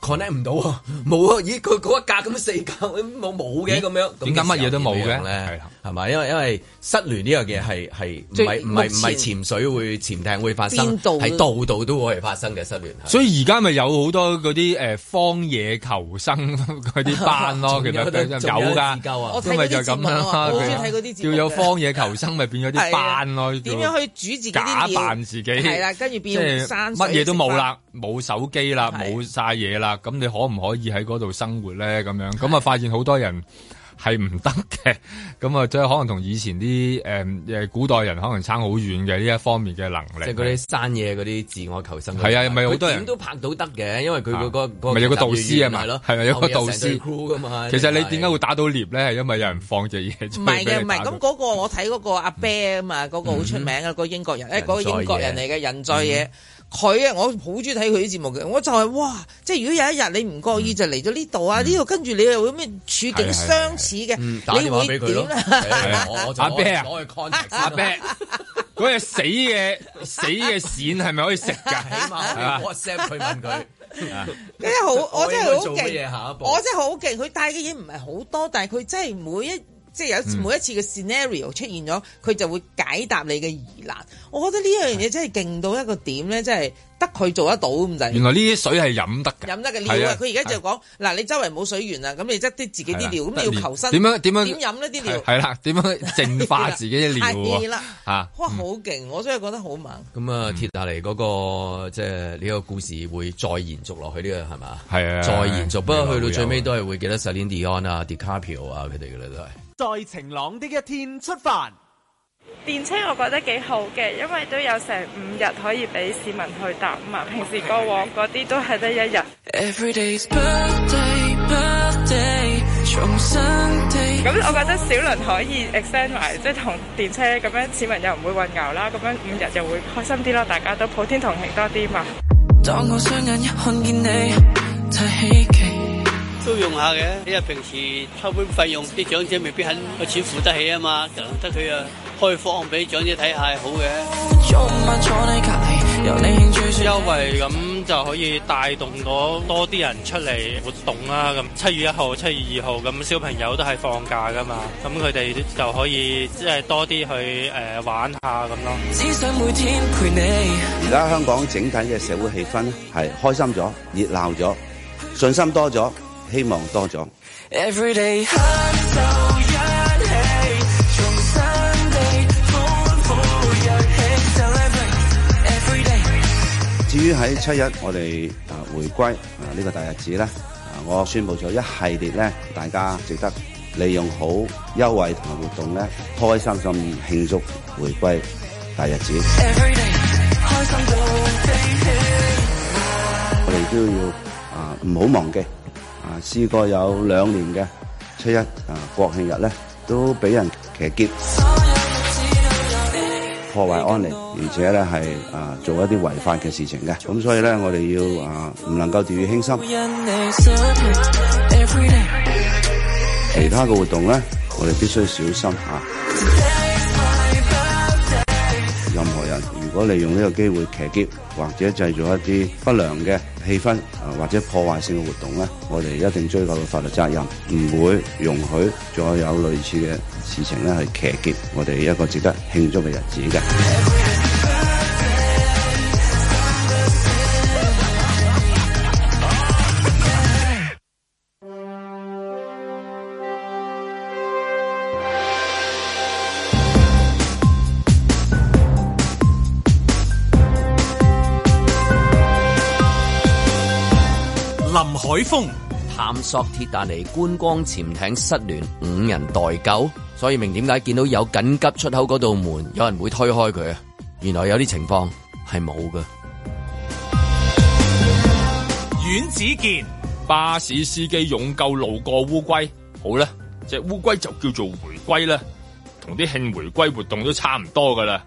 connect 唔到啊，冇啊！咦，佢嗰一格咁四格冇冇嘅咁樣，點解乜嘢都冇嘅咧？係啦係咪？因為因為失聯呢個嘢，係係唔係唔係唔係潛水會潛艇會發生，係度度都會發生嘅失聯。所以而家咪有好多嗰啲誒荒野求生嗰啲班咯，其實有噶，咁咪就咁啦。要有荒野求生咪變咗啲班咯。點樣去主自己？假扮自己係啦，跟住變山。即係乜嘢都冇啦，冇手機啦，冇晒嘢啦。咁你可唔可以喺嗰度生活咧？咁樣咁啊，發現好多人。係唔得嘅，咁啊，即係可能同以前啲誒誒古代人可能差好遠嘅呢一方面嘅能力。即係嗰啲山野嗰啲自我求生。係啊，唔係好多人點都拍到得嘅，因為佢個個咪有個導師啊嘛，係咪有個導師？其實你點解會打到獵咧？係因為有人放隻嘢。唔係嘅，唔係咁嗰個我睇嗰個阿 Ben 啊嘛，嗰個好出名啊，個英國人誒，嗰個英國人嚟嘅人在野。佢啊，我好中意睇佢啲節目嘅，我就係哇，即係如果有一日你唔覺意，就嚟咗呢度啊，呢度跟住你又會咩處境相似嘅，打電話俾佢咯。阿伯啊，阿伯，嗰隻死嘅死嘅線係咪可以食㗎？起碼我 WhatsApp 去問佢。你好，我真係好勁。我真係好勁，佢帶嘅嘢唔係好多，但係佢真係每一。即係有每一次嘅 scenario 出現咗，佢就會解答你嘅疑難。我覺得呢樣嘢真係勁到一個點咧，真係得佢做得到咁滯。原來呢啲水係飲得㗎，飲得㗎尿啊！佢而家就講嗱，你周圍冇水源啦，咁你即啲自己啲尿，咁你要求生點樣點樣點飲咧啲尿？係啦，點樣淨化自己嘅尿啊？嚇哇！好勁，我真係覺得好猛。咁啊，鐵達尼嗰個即係呢個故事會再延續落去，呢個係嘛？係啊，再延續。不過去到最尾都係會記得 Celine Dion 啊、DiCaprio 啊佢哋㗎啦，都係。在晴朗的一天出發，電車我覺得幾好嘅，因為都有成五日可以俾市民去搭嘛。平時過往嗰啲都係得一日。咁我覺得小輪可以 extend 埋，即係同電車咁樣，市民又唔會混淆啦。咁樣五日就會開心啲咯，大家都普天同慶多啲嘛。當我雙眼一看見你，太稀奇都用下嘅，因為平時抽管費用啲長者未必肯個錢付得起啊嘛，就得佢啊開放俾長者睇下好嘅。坐你隔籬，由你興趣出優惠咁就可以帶動到多啲人出嚟活動啦。咁、嗯、七月一號、七月二號咁小朋友都係放假噶嘛，咁佢哋就可以即係多啲去誒、呃、玩下咁咯。而家香港整體嘅社會氣氛係開心咗、熱鬧咗、信心多咗。希望多咗。至於喺七一，我哋啊，回歸啊呢個大日子咧，啊，我宣布咗一系列咧，大家值得利用好優惠同埋活動咧，開心心慶祝回歸大日子。我哋都要啊，唔好忘記。試過有兩年嘅七一啊，國慶日咧都俾人騎劫，破壞安寧，而且咧係啊做一啲違法嘅事情嘅，咁所以咧我哋要啊唔能夠掉以輕心，其他嘅活動咧我哋必須小心吓。我利用呢個機會騎劫，或者製造一啲不良嘅氣氛，或者破壞性嘅活動咧，我哋一定追究法律責任，唔會容許再有類似嘅事情咧去騎劫我哋一個值得慶祝嘅日子嘅。海風探索鐵達尼觀光潛艇失聯五人待救，所以明點解見到有緊急出口嗰道門有人會推開佢啊？原來有啲情況係冇嘅。阮子健巴士司機勇救路過烏龜，好啦，隻烏龜就叫做回歸啦，同啲慶回歸活動都差唔多噶啦。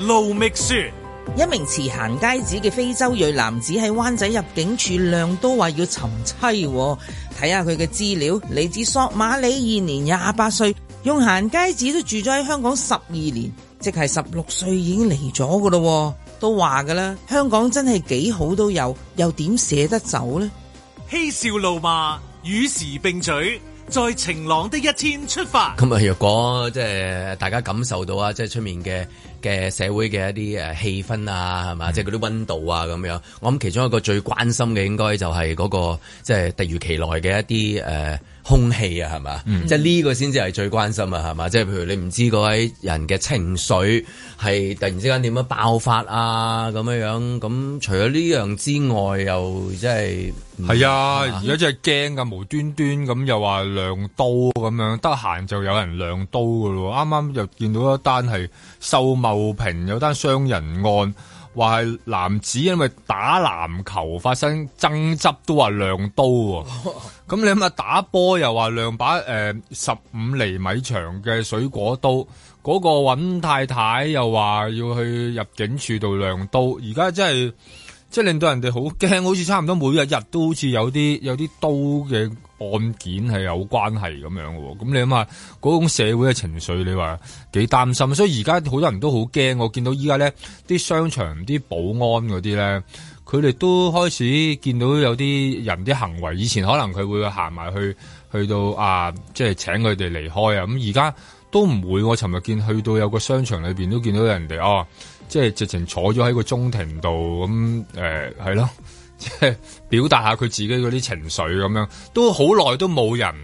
盧覓雪。一名持行街紙嘅非洲裔男子喺灣仔入境處亮，都話要尋妻。哦，睇下佢嘅資料，嚟自索馬里，現年廿八歲，用行街紙都住咗喺香港十二年，即係十六歲已經嚟咗噶啦，都話噶啦，香港真係幾好都有，又點捨得走呢？嬉笑怒罵與時並舉。在晴朗的一天出發。咁啊，若果即係大家感受到、就是、啊，即係出面嘅嘅社會嘅一啲誒氣氛啊，係嘛，嗯、即係嗰啲溫度啊咁樣。我諗其中一個最關心嘅應該就係嗰、嗰個即係、就是、突如其來嘅一啲誒。啊空氣啊，係嘛？嗯、即係呢個先至係最關心啊，係嘛？即係譬如你唔知嗰位人嘅情緒係突然之間點樣爆發啊，咁樣樣咁。除咗呢樣之外，又即係係、嗯、啊，而家真係驚噶，無端端咁又話亮刀咁樣，得閒就有人亮刀噶咯。啱啱又見到一單係秀茂坪有單傷人案，話係男子因為打籃球發生爭執都話亮刀喎。 咁你諗下打波又話量把誒，十五厘米長嘅水果刀，嗰個尹太太又話要去入境處度量刀，而家真係即係令到人哋好驚，好似差唔多每日日都好似有啲有啲刀嘅案件係有關係咁樣嘅。咁你諗下嗰種社會嘅情緒，你話幾擔心，所以而家好多人都好驚，我見到依家咧啲商場啲保安嗰啲咧。佢哋都開始見到有啲人啲行為，以前可能佢會行埋去，去到啊，即係請佢哋離開啊。咁而家都唔會，我尋日見去到有個商場裏邊都見到人哋啊，即係直情坐咗喺個中庭度咁誒，係、嗯呃、咯，即係表達下佢自己嗰啲情緒咁樣，都好耐都冇人。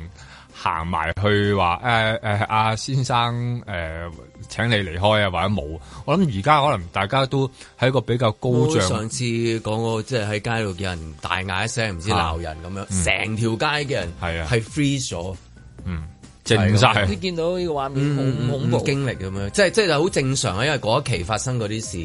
行埋去話誒誒，阿、呃呃、先生誒、呃、請你離開啊，或者冇。我諗而家可能大家都喺個比較高漲。哦、上次講個即係喺街度見人大嗌一聲，唔知鬧、啊、人咁樣，成、嗯、條街嘅人係啊、嗯，係 freeze 咗。嗯，正曬。你見到呢個畫面好恐怖經歷咁樣，即係即係好正常啊。因為嗰一期發生嗰啲事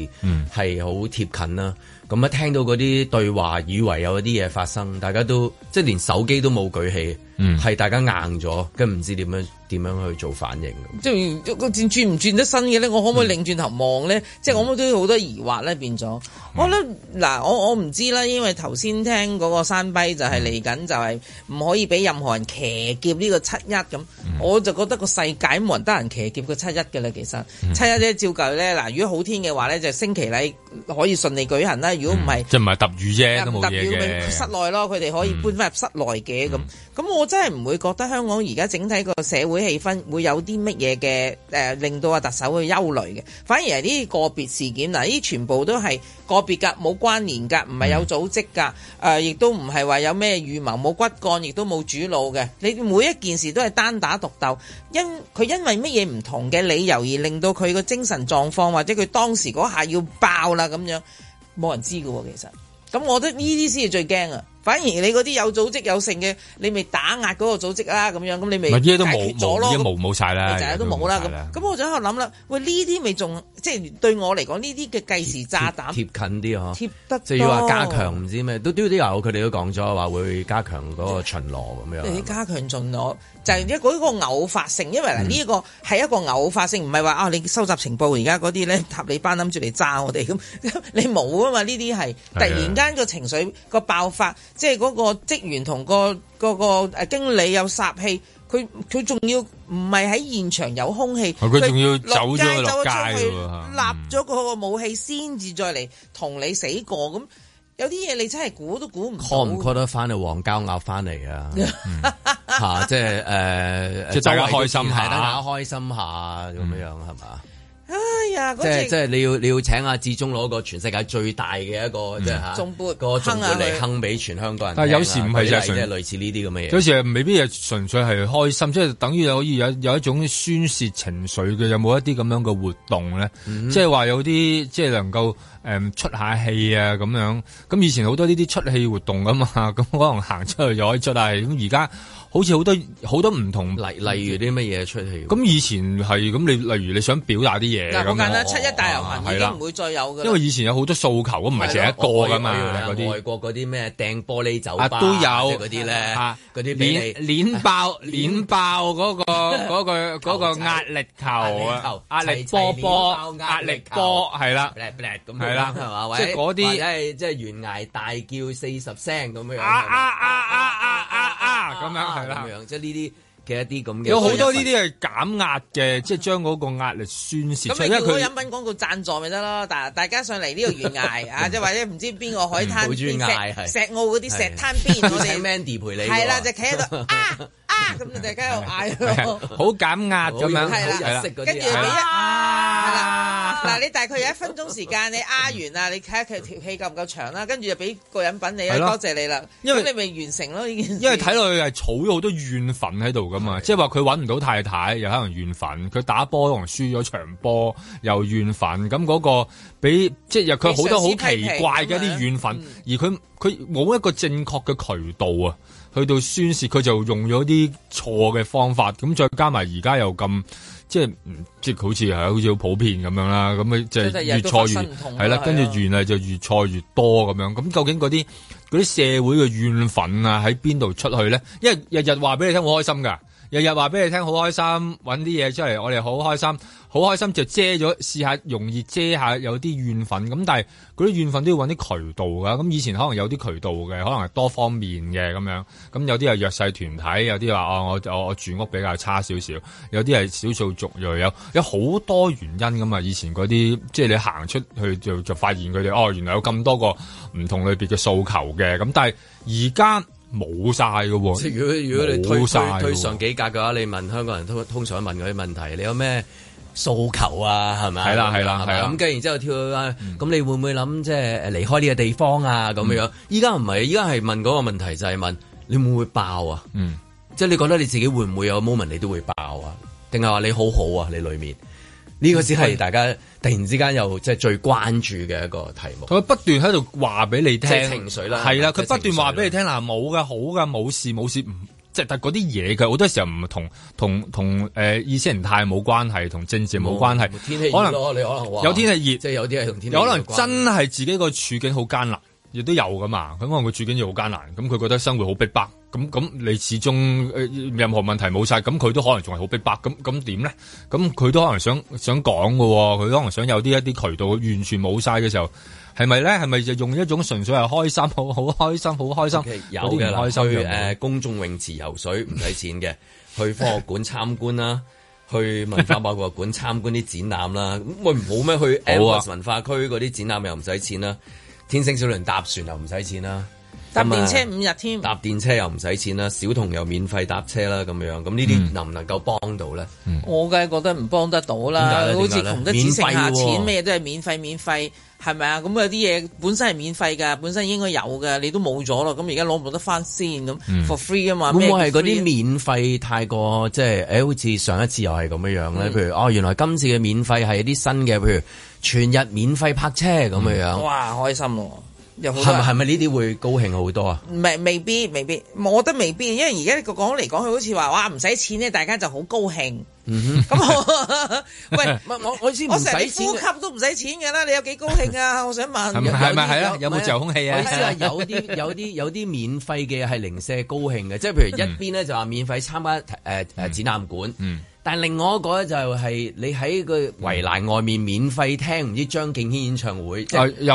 係好、嗯、貼近啦。咁一聽到嗰啲對話，以為有一啲嘢發生，大家都即係連手機都冇舉起，係、嗯、大家硬咗，跟唔知點樣點樣去做反應。嗯、即係轉轉唔轉得身嘅咧？我可唔可以擰轉頭望咧？嗯、即係我覺得好多疑惑咧，變咗、嗯。我諗嗱，我我唔知啦，因為頭先聽嗰個山逼就係嚟緊，就係唔可以俾任何人騎劫呢個七一咁。我就覺得個世界冇人得人騎劫個七一嘅啦。其實、嗯、七一咧照舊咧，嗱，如果好天嘅話咧，就星期禮可以順利舉行啦。如果唔係、嗯，即係唔係揼雨啫，都冇嘢嘅室內咯。佢哋可以搬返入室內嘅咁咁，嗯、我真係唔會覺得香港而家整體個社會氣氛會有啲乜嘢嘅誒，令到啊特首去憂慮嘅。反而係啲個別事件嗱，呢啲全部都係個別噶，冇關聯噶，唔係有組織噶。誒、嗯，亦都唔係話有咩預謀，冇骨幹，亦都冇主腦嘅。你每一件事都係單打獨鬥，因佢因為乜嘢唔同嘅理由而令到佢個精神狀況，或者佢當時嗰下要爆啦咁樣。冇人知㗎喎，其實，咁我覺得呢啲先係最驚啊！反而你嗰啲有組織有成嘅，你未打壓嗰個組織啦，咁樣咁你未？解決咗冇冇曬啦，就都冇啦。咁那，我就喺度諗啦，喂呢啲咪仲即係對我嚟講呢啲嘅計時炸彈貼,貼近啲呵，貼得就要話加強唔知咩，都都啲啊，佢哋都講咗話會加強嗰個巡邏咁樣。你加強巡邏、嗯、就係一,一個偶發性，因為呢一個係一個偶發性，唔係話啊你收集情報而家嗰啲咧塔利班諗住嚟炸我哋咁， 你冇啊嘛呢啲係突然間個情緒個爆發。即係嗰個職員同、嗰個嗰、嗰個誒經理有殺氣，佢佢仲要唔係喺現場有空氣，佢仲、啊、要走咗出去，立咗個武器先至再嚟同你死過。咁、嗯、有啲嘢你真係估都估唔到。call 唔 call 得翻去黃膠鴨翻嚟啊？嚇、 嗯啊！即係誒，呃、 即大家開心下，大家開心下咁樣樣係嘛？嗯。哎呀！即即係你要你要請阿志忠攞個全世界最大嘅一個即係嚇，個香嚟香俾全香港人。但係有時唔係即係類似呢啲咁嘅嘢。有時未必係純粹係開心，即係等於可以有有一種宣洩情緒嘅。有冇一啲咁樣嘅活動咧？即係話有啲即係能夠誒出下氣啊咁樣。咁以前好多呢啲出氣活動噶嘛。咁可能行出去又可以出下氣。咁而家好似好多好多唔同例如啲乜嘢出氣。咁以前係咁，你例如你想表達啲嘢。嗱，咁簡單，七一大遊行已經唔會再有。因為以前有好多訴求咁，唔係成日一個噶嘛。啲外國嗰啲咩掟玻璃酒都有嗰啲咧嚇，嗰啲綵綵爆綵爆嗰個嗰個嗰個壓力球啊，壓力波波壓力波係啦，咁係啦係嘛？或者嗰啲即係即係懸崖大叫四十聲咁樣樣啊啊啊啊啊啊咁樣係啦，即係呢啲。嘅一啲咁嘅，有好多呢啲係減壓嘅，即係將嗰個壓力宣泄出。咁你叫嗰飲品廣告贊助咪得咯？大大家上嚟呢度懸崖啊！即係或者唔知邊個海灘石石澳嗰啲石灘邊，我哋 Mandy 陪你係啦，就企喺度啊啊！咁大家喺度嗌，好減壓咁樣，好日式嗰啲啊！嗱， 你大概有一分鐘時間，你啊完啦，你睇下佢條戲夠唔夠長啦，跟住就俾個人品你啦，多的謝，謝你啦。咁為你未完成咯，已經。因為睇落去係儲咗好多怨憤喺度噶嘛，即係話佢揾唔到太太又可能怨憤，佢打波可能輸咗場波又怨憤，咁嗰個俾即係佢好多好奇怪嘅啲怨憤，而佢佢冇一個正確嘅渠道啊，嗯、去到宣泄佢就用咗啲錯嘅方法，咁再加埋而家又咁。即係，即係好似係，好似好普遍咁樣啦。咁愈啊，即係越錯越係啦。跟住原來，就越錯越多咁樣。咁究竟嗰啲啲社會嘅怨憤啊，喺邊度出去咧？因為日日話俾你聽好開心噶，日日話俾你聽好開心，揾啲嘢出嚟，我哋好開心。好開心就遮咗，試下容易遮下有啲怨憤咁，但係嗰啲怨憤都要揾啲渠道噶。咁以前可能有啲渠道嘅，可能係多方面嘅咁樣。咁有啲係弱勢團體，有啲話、哦、我我我住屋比較差少少，有啲係少數族裔，有有好多原因咁啊。以前嗰啲即係你行出去就就發現佢哋哦，原來有咁多個唔同類別嘅訴求嘅。咁但係而家冇晒噶喎，即係如果如果你推推上幾格嘅話，你問香港人通通常問佢啲問題，你有咩？訴求啊，係咪？係啦，係啦，係啦。咁跟住然之後跳去，咁吧吧你會唔會諗即係離開呢個地方啊？咁樣樣，依家唔係，依家係問嗰個問題就係、是、問你會唔會爆啊？嗯，即係你覺得你自己會唔會有 moment 你都會爆啊？定係話你好好啊？你裏面呢，這個先係大家突然之間又即係最關注嘅一個題目。佢不斷喺度話俾你聽，情緒啦，係、就是、啦，佢不斷話俾你聽嗱，冇㗎，好㗎，冇事冇事唔。但嗰啲嘢佢好多時候唔係同同同誒，意識形態冇關係，同政治冇關係、嗯。天氣熱咯，可能你可能有天氣熱，即係有啲係同天氣有關係。可能真係自己個處境好艱難，亦都有噶嘛。咁可能個處境又好艱難，咁佢覺得生活好逼迫。咁咁你始終、呃、任何問題冇晒，咁佢都可能仲係好逼迫。咁咁點咧？咁佢都可能想想講嘅，佢可能想有啲一啲渠道，完全冇晒嘅時候。係咪咧？係咪就用一種純粹係開心，好好開心，好開心，okay, 有嘅啦。開心去誒，呃、公眾泳池游水唔使錢嘅，去科學館參觀啦， 去文化博物館參觀啲展覽啦。咁我冇咩去 a l 文化區嗰啲展覽又唔使錢啦，啊、天星小輪搭船又唔使錢啦。搭電車五日添，搭電車又唔使錢啦，小童又免費搭車啦，咁樣咁呢啲能唔能夠幫到咧？嗯、我梗係覺得唔幫得到啦，好似窮得只剩下、哦、錢，咩都係免費免費，係咪啊？咁有啲嘢本身係免費㗎，本身應該有嘅，你都冇咗咯，咁而家攞唔攞得翻先咁？For free 啊嘛，會唔會係嗰啲免費太過即係？誒、哎，好似上一次又係咁樣樣咧，嗯、譬如哦，原來今次嘅免費係一啲新嘅，譬如全日免費泊車咁樣樣，哇、嗯，開心喎！係咪係咪呢啲會高興好多啊？未未必未必，我覺得未必，因為而家個講嚟講去，好似話哇，唔使錢咧，大家就好高興。咁、嗯、哼 我喂我 我我成日呼吸都唔使錢嘅啦，你有幾高興啊？我想問係咪係啊？有冇就空氣啊？有啲有啲有啲免費嘅係零舍 高興嘅，即係譬如一邊咧就話免費參加誒誒、呃呃呃呃、展覽館。嗯嗯但另外一個咧就係你喺個圍欄外面免費聽唔知張敬軒演唱會，又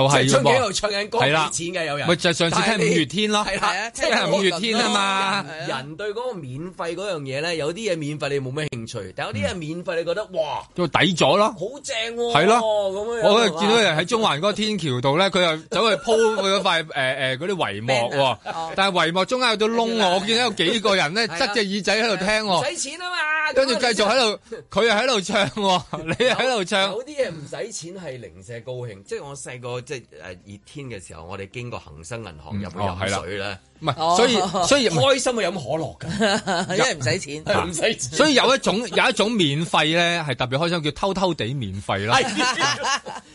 係喺度唱緊歌俾錢嘅有人。咪就上次聽五月天咯，即係五月天啊嘛。人對嗰個免費嗰樣嘢咧，有啲嘢免費你冇咩興趣，但有啲嘢免費你覺得哇，都抵咗咯，好正喎，係咯咁樣樣。我見到人喺中環嗰個天橋度咧，佢又走去鋪佢嗰塊誒嗰啲帷幕喎，但係帷幕中間有啲窿喎，我見到有幾個人咧塞隻耳仔喺度聽喎。唔使錢啊嘛！跟住、啊啊、繼續喺度，佢又喺度唱喎， 你又喺度唱。有啲嘢唔使錢係零舍高興，即係 我細個即係誒熱天嘅時候，我哋經過恒生銀行入去飲水咧。嗯哦。唔係，所以所以開心去飲可樂㗎，因為唔使錢，唔使所以有一種有一種免費咧，係特別開心，叫偷偷地免費啦。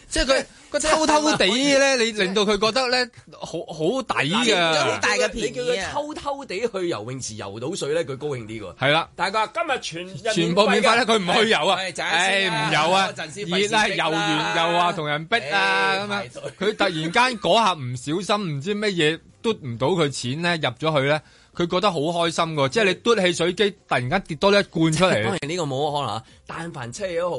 即係佢佢偷偷地咧，你令到佢覺得咧，好好抵㗎。好大嘅便宜啊！偷偷地去游泳池游到水咧，佢高興啲喎。係啦，大家今日全全部免費咧，佢唔去遊啊。唔就一陣而家遊完又話同人逼啦咁樣，佢突然間嗰下唔小心，唔知乜嘢。嘟唔到佢錢咧，入咗去咧，佢覺得好開心噶，即係你嘟汽水機突然間跌多咗一罐出嚟。當然呢個冇可能，但凡車喺一號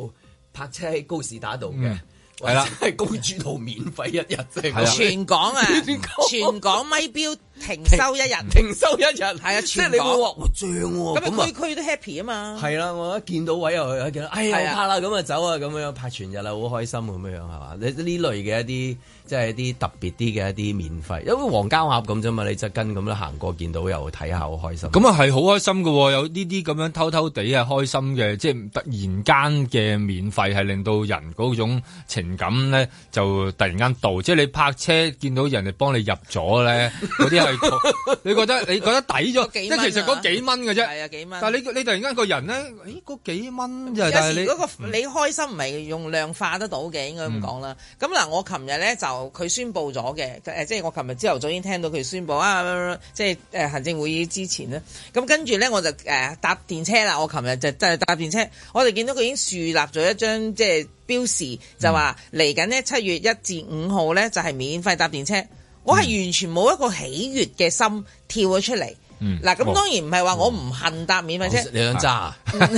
泊車喺告士打道嘅，嗯、或者係公主道免費一日、嗯、全港啊， 全港咪錶停收一日，停、嗯、停收一日，係啊，全港即係你個鑊會漲喎。咁啊，區區這樣 都 happy 啊嘛。係啦、啊，我一見到位又去，見到哎呀，啊、我拍啦，咁啊走啊，咁樣，樣拍全日啊，好開心咁樣樣係嘛。你呢類嘅一啲。即係一啲特別啲嘅一啲免費，因為黃膠鴨咁啫嘛，你側跟咁樣行過見到又睇下好開心。咁啊係好開心嘅，有呢啲咁樣偷偷地啊開心嘅，即係突然間嘅免費係令到人嗰種情感咧就突然間到，即係你泊車見到人哋幫你入咗咧，嗰啲係你覺得你覺得抵咗，幾啊、即係其實嗰幾蚊嘅啫。係啊幾蚊。但你你突然間個人咧，咦嗰幾蚊即係。有時你，、嗯、你開心唔係用量化得到嘅，應該咁講啦。咁嗱、嗯，我琴日咧就。嗯佢宣布咗嘅，誒、呃，即係我琴日朝頭早已經聽到佢宣布啊，嗯嗯、即係誒、呃、行政會議之前、啊、呢，咁跟住咧我就誒、呃、搭電車啦，我琴日就真係、啊、搭電車，我就見到佢已經樹立咗一張即係標示，就話嚟緊呢七月一至五號咧就係、是、免費搭電車，嗯、我係完全冇一個喜悅嘅心跳咗出嚟，嗱、嗯，咁、啊、當然唔係話我唔恨搭免費車，你想揸啊？嗯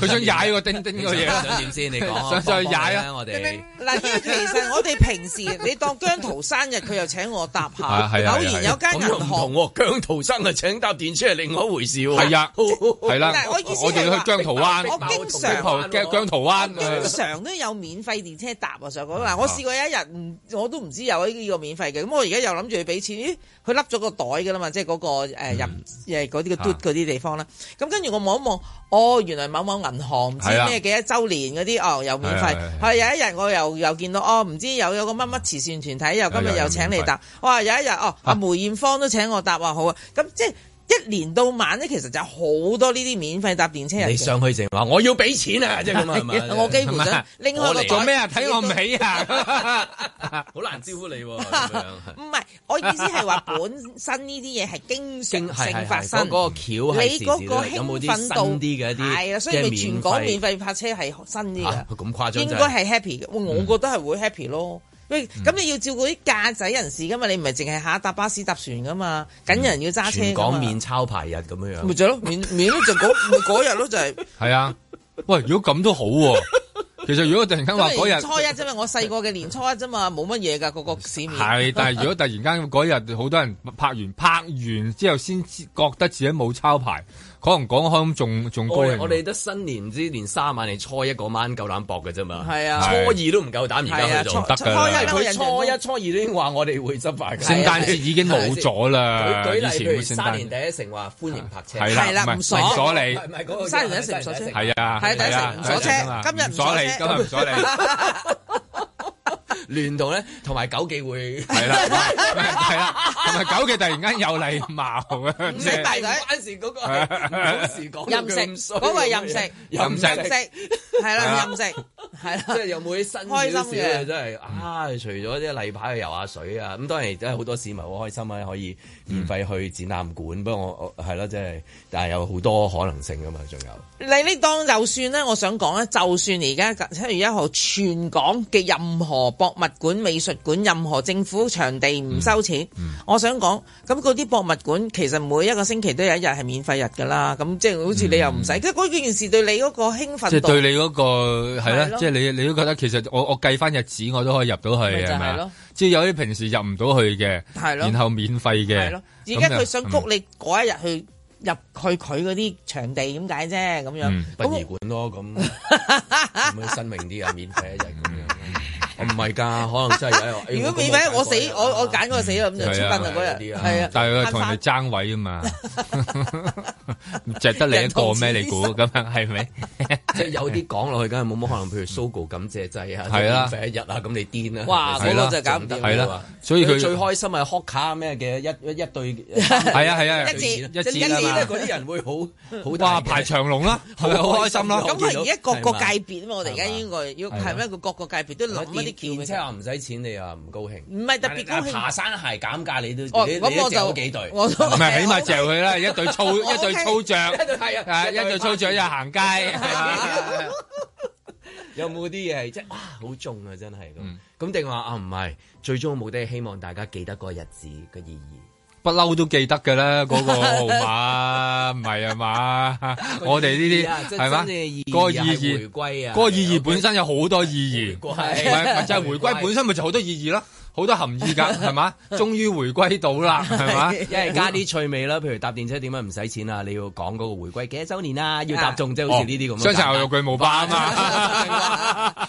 佢想踩個叮叮嘅嘢，想點先？你講，想再踩啊！我哋嗱，其實我哋平時你當姜濤生日，佢又請我搭下。偶然有間銀行姜濤生啊，請搭電車係另外一回事。係啊，係啦。我意思，去姜濤灣，我經常姜濤灣，我經常都有免費電車搭啊。上個嗱，我試過一日，我都唔知有呢個免費嘅。咁我而家又諗住俾錢，佢笠咗個袋噶啦嘛，即係嗰個誒入嗰啲個 d 嗰啲地方啦。咁跟住我望一望。哦，原來某某銀行唔知咩幾多週年嗰啲、啊、哦，又免費。係、啊啊啊啊、有一日我又又見到哦，唔知又有個乜乜慈善團體又今日又請你答。哇、啊，有一日哦，阿梅艷芳都請我答話好啊，咁即係。一年到晚咧，其實就好多呢啲免費搭電車人。你上去淨話，我要俾錢啊！我幾乎想拎開個。做咩啊？睇己 我唔起啊！ 好難招呼你喎、啊。唔係， 我意思係話本身呢啲嘢係經常性發生。嗰你嗰個興奮度啲嘅一啲，係 啊，所以你全港免費泊車係新啲嘅。咁、啊、誇張、就是，應該係 happy 嘅。我覺得係會 happy 咯。喂，咁、嗯、你要照顧啲駕駛人士噶嘛？你唔係淨係下搭巴士搭船噶嘛？梗有人要揸車。全港免抄牌日咁樣樣。咪就係咯，免免 就嗰日咯就係、係。係 啊，喂，如果咁都好喎、啊。其實如果突然間話嗰日初一啫嘛，我細個嘅年初一啫嘛，冇乜嘢噶個個市面。係， 但係如果突然間嗰日好多人拍完拍完之後先至覺得自己冇抄牌。可能講開咁仲仲高我哋得新年之連三晚，你初一嗰晚夠膽搏嘅啫嘛。係啊，初二都唔夠膽。而家佢就得嘅。係佢初一、初二都已經話我哋會執法嘅。聖誕節已經冇咗啦。舉舉例，譬如新年第一城話歡迎泊車，係啦，唔鎖你。係嗰個新年第一城唔鎖車。係啊，係啊，鎖車啊，今日唔鎖你，今日唔鎖你。亂到咧，同埋九記會係啦，係啦，同埋九記突然間有禮貌啊！唔使大仔嗰陣時，嗰個同事講任食，嗰個係任食，任食，係啦，任食，係啦，即係有冇啲新嘅開心嘅，真係啊！除咗啲係例牌去游下水啊，咁當然真係好多市民好開心啊，可以免費去展覽館。不過我係咯，即係但係有好多可能性㗎嘛，仲有你呢當就算咧，我想講咧，就算而家七月一號全港嘅任何博物館、美術館，任何政府場地唔收錢。我想講，咁嗰啲博物館其實每一個星期都有一日係免費日噶啦。咁即係好似你又唔使，即嗰件事對你嗰個興奮度，即對你嗰個係啦。即係你你都覺得其實我我計翻日子我都可以入到去係咪？即係有啲平時入唔到去嘅，然後免費嘅。而家佢想谷你嗰一日去入去佢嗰啲場地，點解啫？咁樣，殯儀館咯，咁咁樣生命啲啊，免費一日咁樣。唔係㗎，可能真係。如果我死，我我揀嗰個死咁就出殯啊嗰日，係啊，但係同人哋爭位啊嘛，著得你一個咩你估？咁樣係咪？即係有啲講落去，梗係冇乜可能。譬如 Sogo 感謝祭啊，係啊，第一日啊，咁你癲啦！哇，真係搞唔掂係啦，所以佢最開心係 hot 卡咩嘅，一一對，係啊係啊，一一嗰啲人會好好哇，排長龍啦，好開心啦？咁佢而家各個界別啊嘛，我哋而家應該要係咩？個各個界別都即係話唔使錢，你又唔高興。唔係特別，爬山鞋減價你都你都著咗幾對，唔係起碼著佢啦，一對粗一對粗著，係啊，一對粗著又行街。有冇啲嘢係即係哇好重啊！真係咁，咁定話啊唔係，最終冇得希望大家記得嗰日子嘅意義。不嬲都記得嘅啦，嗰個號碼唔係啊嘛，我哋呢啲係嘛？嗰個意義係迴歸啊，嗰個意義本身有好多意義，係咪？就係回歸本身，咪就好多意義咯。好多含義㗎，係嘛？終於回歸到啦，係嘛？一係 加啲趣味啦，譬如搭電車點解唔使錢啊？你要講嗰個回歸幾多週年啊？要搭中，即係好似呢啲咁樣。雙層牛肉巨無霸啊嘛！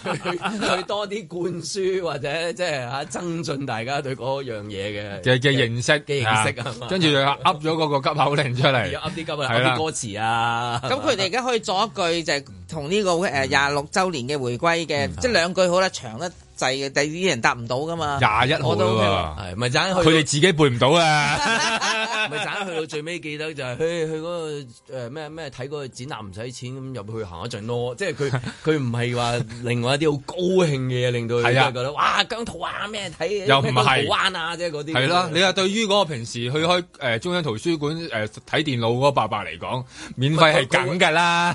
去 多啲灌輸或者即係嚇增進大家對嗰樣嘢嘅嘅嘅認識嘅的認識啊，跟住噏咗嗰個急口令出嚟，噏啲 急啊，啲歌詞啊。咁佢哋而家可以做一句就係同呢個誒廿六週年嘅回歸嘅，即係、嗯、兩句好啦，長啦。細嘅，第二啲人答唔到噶嘛，廿一號咯，係咪爭佢哋自己背唔到啊？咪揀去到最尾記得就係、是、去去、那、嗰個咩咩睇嗰個展覽唔使錢咁入去行一陣咯，即係佢佢唔係話另外一啲好高興嘅嘢令到係覺得 哇姜濤啊咩睇又唔係台灣啊，即係嗰啲係咯，你話對於嗰個平時去開誒中央圖書館誒睇、呃、電腦嗰個伯伯嚟講，免費係梗㗎啦，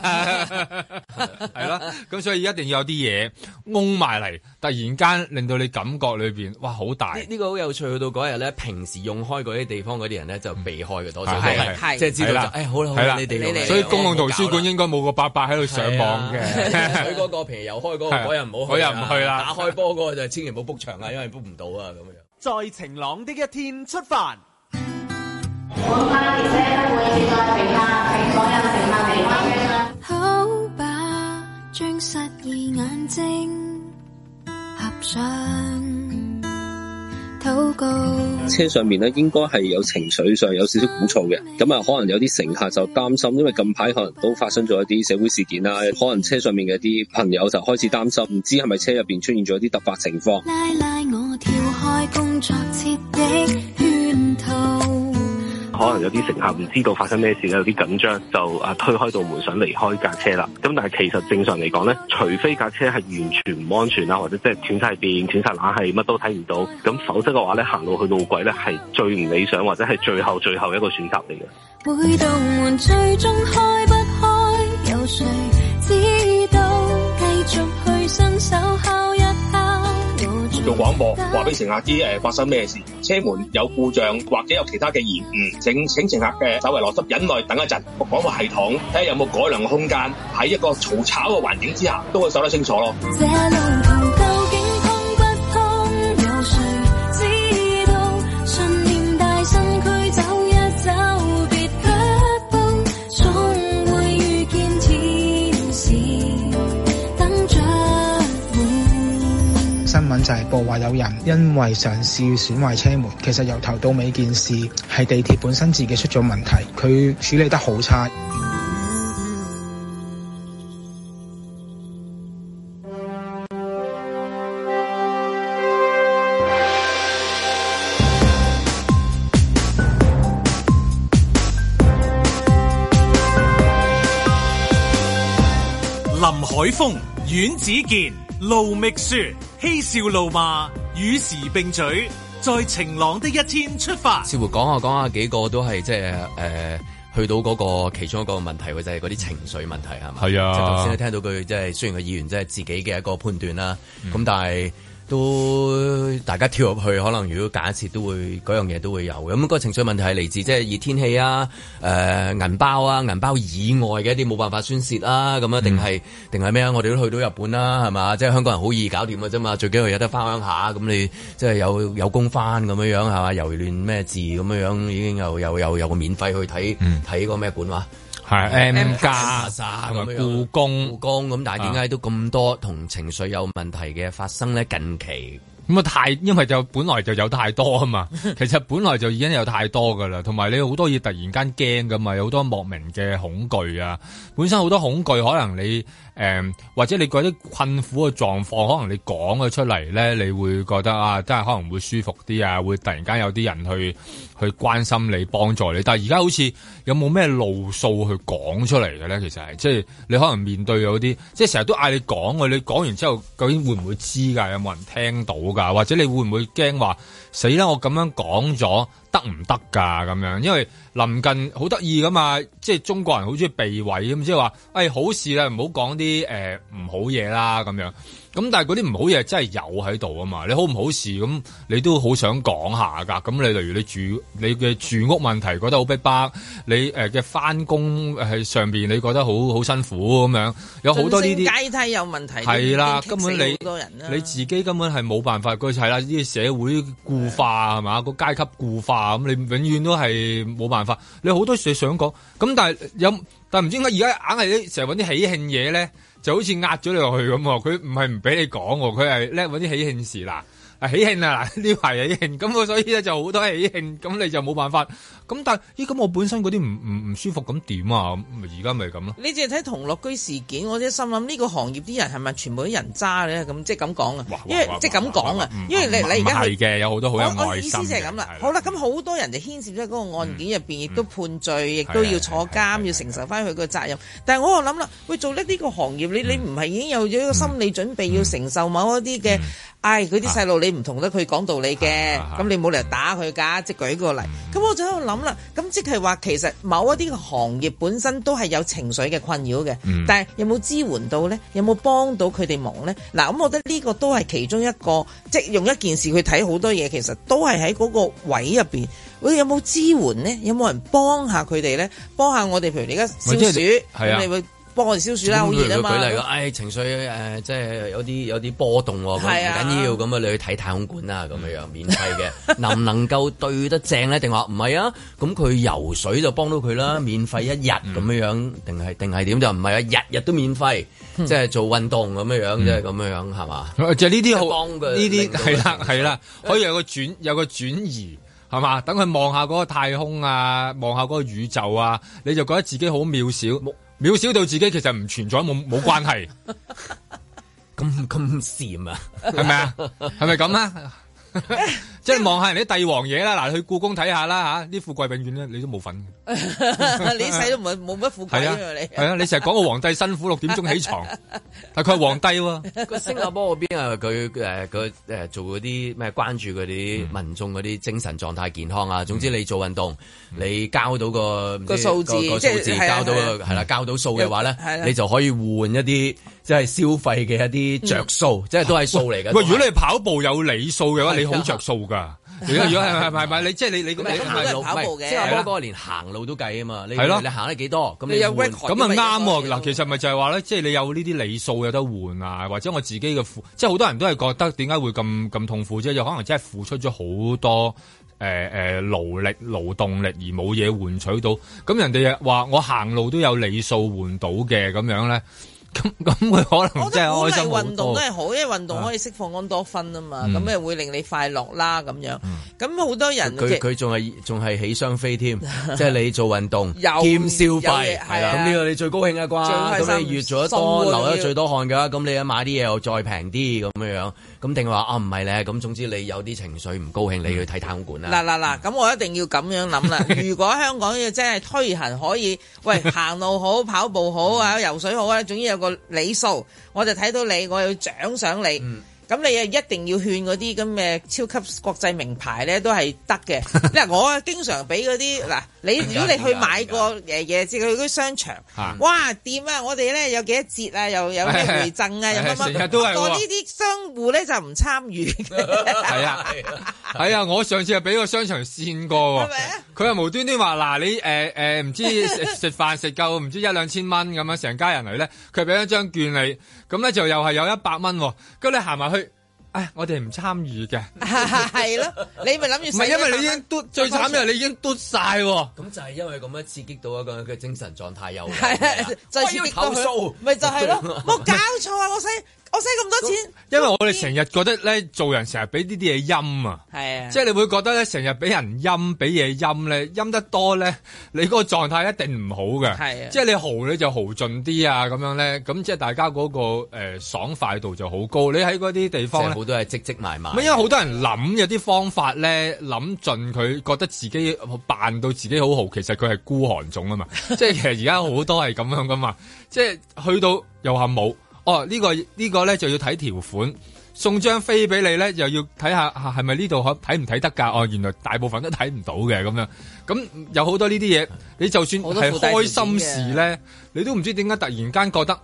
係 咯， 咁所以一定要有啲嘢㧬埋嚟，突然間令到你感覺裏邊哇好大呢、這個好、這個、有趣，去到嗰日咧，平時用開嗰啲地方嗰啲人咧就。避開嘅多啲，係即係知道就，誒，好啦，你哋，你哋，所以公共圖書館應該冇個伯伯喺度上網嘅。佢嗰個平日又開嗰個，我又冇，我又唔去啦。打開波嗰個就千祈唔好 book 場啊，因為 book 唔到啊咁樣。在晴朗的一天出發，好吧，將失意眼睛合上。車上面呢應該係有情緒上有少少鼓噪嘅，咁啊可能有啲乘客就擔心，因為近排可能都發生咗一啲社會事件啦，可能車上面嘅啲朋友就開始擔心，唔知係咪車入邊出現咗一啲突發情況。 可能有啲乘客唔知道發生咩事咧，有啲緊張就啊推開道門想離開架車啦。咁但係其實正常嚟講咧，除非架車係完全唔安全啦，或者即係斷晒電斷晒冷氣乜都睇唔到，咁否則嘅話咧，行路去路軌咧係最唔理想，或者係最後最後一個選擇嚟嘅。每道門最終開不開，有誰知道？繼續去伸手做廣播，話俾乘客知誒、呃，發生咩事，車門有故障，或者有其他嘅延誤，請請乘客嘅稍為耐心，忍耐等一陣。廣播系統睇下有冇改良嘅空間，喺一個嘈吵嘅環境之下，都會收得清楚咯。 新聞就係報話有人因為嘗試損壞車門，其實由頭到尾件事係地鐵本身自己出咗問題，佢處理得好差。林海峰。阮子健、盧覓雪嬉笑怒罵，與時並舉，在晴朗的一天出發。似乎講下講下幾個都係即係誒，去到嗰個其中一個問題，或者係嗰啲情緒問題係咪？係是啊，頭先聽到佢即係雖然個議員即係自己嘅一個判斷啦，咁、嗯、但係。都大家跳入去，可能如果假設都會嗰樣嘢都會有咁、嗯個情緒問題係嚟自即係熱天氣啊、誒、呃、銀包啊、銀包以外嘅一啲冇辦法宣泄啊，咁啊，定係定係咩啊？我哋都去到日本啦，係嘛？即係香港人好易搞掂嘅啫嘛，最緊要有得返鄉下，咁你即係有有工返咁樣樣係嘛？遊亂咩字咁樣樣，已經又又又有個免費去睇睇嗰咩館哇、啊？係 M 加啊，咁樣，故宮宮咁，攻攻但係點解都咁多同情緒有問題嘅發生咧？近期咁啊太，因為就本來就有太多啊嘛。 其實本來就已經有太多噶啦，同埋你好多嘢突然間驚噶嘛，有好多莫名嘅恐懼啊。本身好多恐懼，可能你。誒、嗯、或者你嗰啲困苦嘅狀況，可能你講佢出嚟咧，你會覺得啊，真係可能會舒服啲啊，會突然間有啲人去去關心你、幫助你。但係而家好似有冇咩路數去講出嚟嘅咧？其實係即係你可能面對有啲，即係成日都嗌你講嘅，你講完之後究竟會唔會知㗎？有冇人聽到㗎？或者你會唔會驚話？死啦！我咁樣講咗得唔得噶，咁樣？因為臨近好得意咁嘛。即係中國人好中意避諱咁，即係話誒好事啦，唔好講啲誒唔好嘢啦咁樣。咁但係嗰啲唔好嘢真係有喺度啊嘛！你好唔好事咁，你都好想講下噶。咁你例如你住你嘅住屋問題覺得好逼迫，你誒嘅翻工係上邊你覺得好好辛苦咁樣，有好多呢啲階梯有問題，啊，係啦，根本你你自己根本係冇辦法。佢係啦，呢啲社會固化係嘛？個階級固化咁，你永遠都係冇辦法。你好多事想講，咁但係有但唔知點解而家硬係成日揾啲喜慶嘢咧。就好似壓咗你落去咁喎，佢唔係唔俾你講喎，佢係叻搵啲喜慶事喇。喜慶啊，呢排啊喜慶，咁所以咧就好多喜慶，咁你就冇辦法。咁但咦，咁我本身嗰啲唔唔唔舒服，咁點啊？而家咪咁咯。你淨係睇同樂居事件，我一心諗呢個行業啲人係咪全部都人渣咧？咁即係咁講啊？因為即係咁講啊？因為你你而家係嘅，有好多好有。我我意思就係咁啦。好啦，咁好多人就牽涉咗嗰個案件入邊，亦都判罪，亦都要坐監，要承受翻佢個責任。但係我又諗啦，喂，做呢呢個行業，你你唔係已經有咗一個心理準備，要承受某一啲嘅。唉，佢啲細路你唔同得佢講道理嘅，咁、啊啊、你冇理由打佢噶，即、就是、舉個例，咁、嗯、我就喺度諗啦，咁即係話其實某一啲嘅行業本身都係有情緒嘅困擾嘅，嗯、但係有冇支援到呢？有冇幫到佢哋忙呢？嗱，咁我覺得呢個都係其中一個，即、就是、用一件事去睇好多嘢，其實都係喺嗰個位入邊，會有冇支援呢？有冇人幫下佢哋呢？幫下我哋，譬如你而家消暑，你會，幫我哋消暑啦，好熱啊嘛！舉例個，唉情緒誒、呃，即係有啲有啲波動喎、啊，唔緊是、啊、要咁啊。你去睇太空館啊，咁樣樣免費嘅， 能唔能夠對得正咧？定話唔係啊？咁佢游水就幫到佢啦， 免費一日咁樣樣，定係定係點就唔係啊？日日都免費， 即係做運動咁樣、 嗯、樣，即係咁樣樣係嘛？就呢啲好呢啲係啦係啦，可以有個轉有個轉移係嘛？等佢望下嗰個太空啊，望下嗰個宇宙啊，你就覺得自己好渺小。渺小到自己其實唔存在，冇冇關係。咁咁賎啊，係咪啊？係咪咁啊？是 即係望下人哋帝王嘢啦，嗱去故宮睇下啦吓，啲富貴永遠咧你都冇份，你一世都冇冇乜富貴嘅。係啊，你成日講個皇帝辛苦六點鐘起床，但佢係皇帝喎。個星加坡嗰邊啊，佢誒，佢誒做嗰啲咩關注嗰啲民眾嗰啲精神狀態健康啊。總之你做運動，你交到個個數字，數字交到係啦，交到數嘅話咧，你就可以換一啲即係消費嘅一啲着數，即係都係數嚟嘅。喂，如果你跑步有理數嘅話，你好着數噶。啊！如果係係係咪你即係 你你咁樣行路跑步嘅即係嗰個是連行路都計啊嘛？你係咯，你行得幾多咁你，你有咁啊啱嗱？啊、其實咪就係話咧，即係你有呢啲理數有得換啊，或者我自己嘅負即係好多人都係覺得點解會咁咁痛苦啫？就可能真係付出咗好多誒誒勞力、勞動力而冇嘢換取到咁，人哋話我行路都有理數換到嘅咁樣咧。咁咁佢可能即係開心運動都係好，因為運動可以釋放安多酚啊嘛，咁又、嗯、會令你快樂啦咁樣。咁好、嗯、多人佢佢仲係仲係起雙飛添， 即係你做運動，又兼消費係啦。咁呢個你最高興嘅啩，咁你越做得多，會流得最多汗嘅，咁你一買啲嘢又再平啲咁樣樣。咁定話啊，唔係咧。咁、哦、總之你有啲情緒唔高興，你去睇體育館啦。嗱嗱嗱，咁我一定要咁樣諗啦。 如果香港要真係推行可以，喂行路好、跑步好啊、游水好啊，總之有個理數，我就睇到你，我要獎賞你。嗯咁你啊一定要勸嗰啲咁嘅超級國際名牌咧，都係得嘅。因為 我經常俾嗰啲嗱，你如果你去買個嘢嘢，即在去啲商場，在哇，點啊！我哋咧有幾多折啊？又有咩回贈啊？有乜乜？都不過呢啲商戶咧就唔參與嘅。係 啊係啊，我上次啊俾個商場線過喎，佢係 吧無端端話嗱你誒誒唔知食飯食夠唔知一兩千蚊咁樣成家人嚟咧，佢俾一張券你，咁咧就又係有一百蚊，咁、啊、你行埋去。哎，我哋唔參與嘅，係咯， 你咪諗住，唔係因為你已經嘟，最慘嘅你已經嘟晒喎。咁 就係因為咁樣刺激到一個嘅精神狀態有係就係要投訴，咪就係咯，冇搞錯啊，我使。我使咁多錢，因為我哋成日覺得咧，做人成日俾呢啲嘢陰啊，係啊，即係你會覺得咧，成日俾人陰，俾嘢陰咧，陰得多咧，你個狀態一定唔好嘅。係啊，即係你豪咧就豪盡啲啊，咁樣咧，咁即係大家嗰個誒爽快度就好高。你喺嗰啲地方好多係積積埋埋。因為好多人諗有啲方法咧，諗盡佢覺得自己扮到自己好豪，其實佢係孤寒種啊嘛，即係其實而家好多係咁樣噶嘛，即係去到又話冇。哦，呢、這個呢、這個咧就要睇條款，送張飛俾你咧又要睇下係咪呢度可睇唔睇得㗎？哦，原來大部分都睇唔到嘅，咁樣，咁有好多呢啲嘢，你就算係開心事咧，都你都唔知點解突然間覺得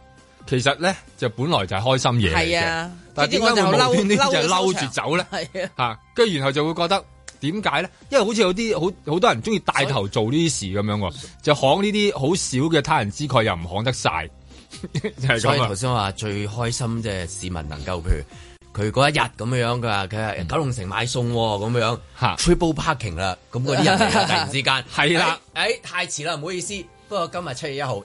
其實咧就本來就係開心嘢嚟嘅，啊、但係點解無端端就嬲住走咧？嚇、 啊，跟住然後就會覺得點解咧？因為好似有啲好好，好多人中意帶頭做呢啲事咁樣，以就扛呢啲好少嘅他人之概又唔扛得晒。 這所以頭先話最開心即係市民能夠譬如佢嗰一日咁樣樣，佢話佢係九龍城買餸咁、哦、樣 ，triple parking 啦，咁嗰啲人突然之間係啦，哎太遲啦，唔好意思，不過今日七月一號，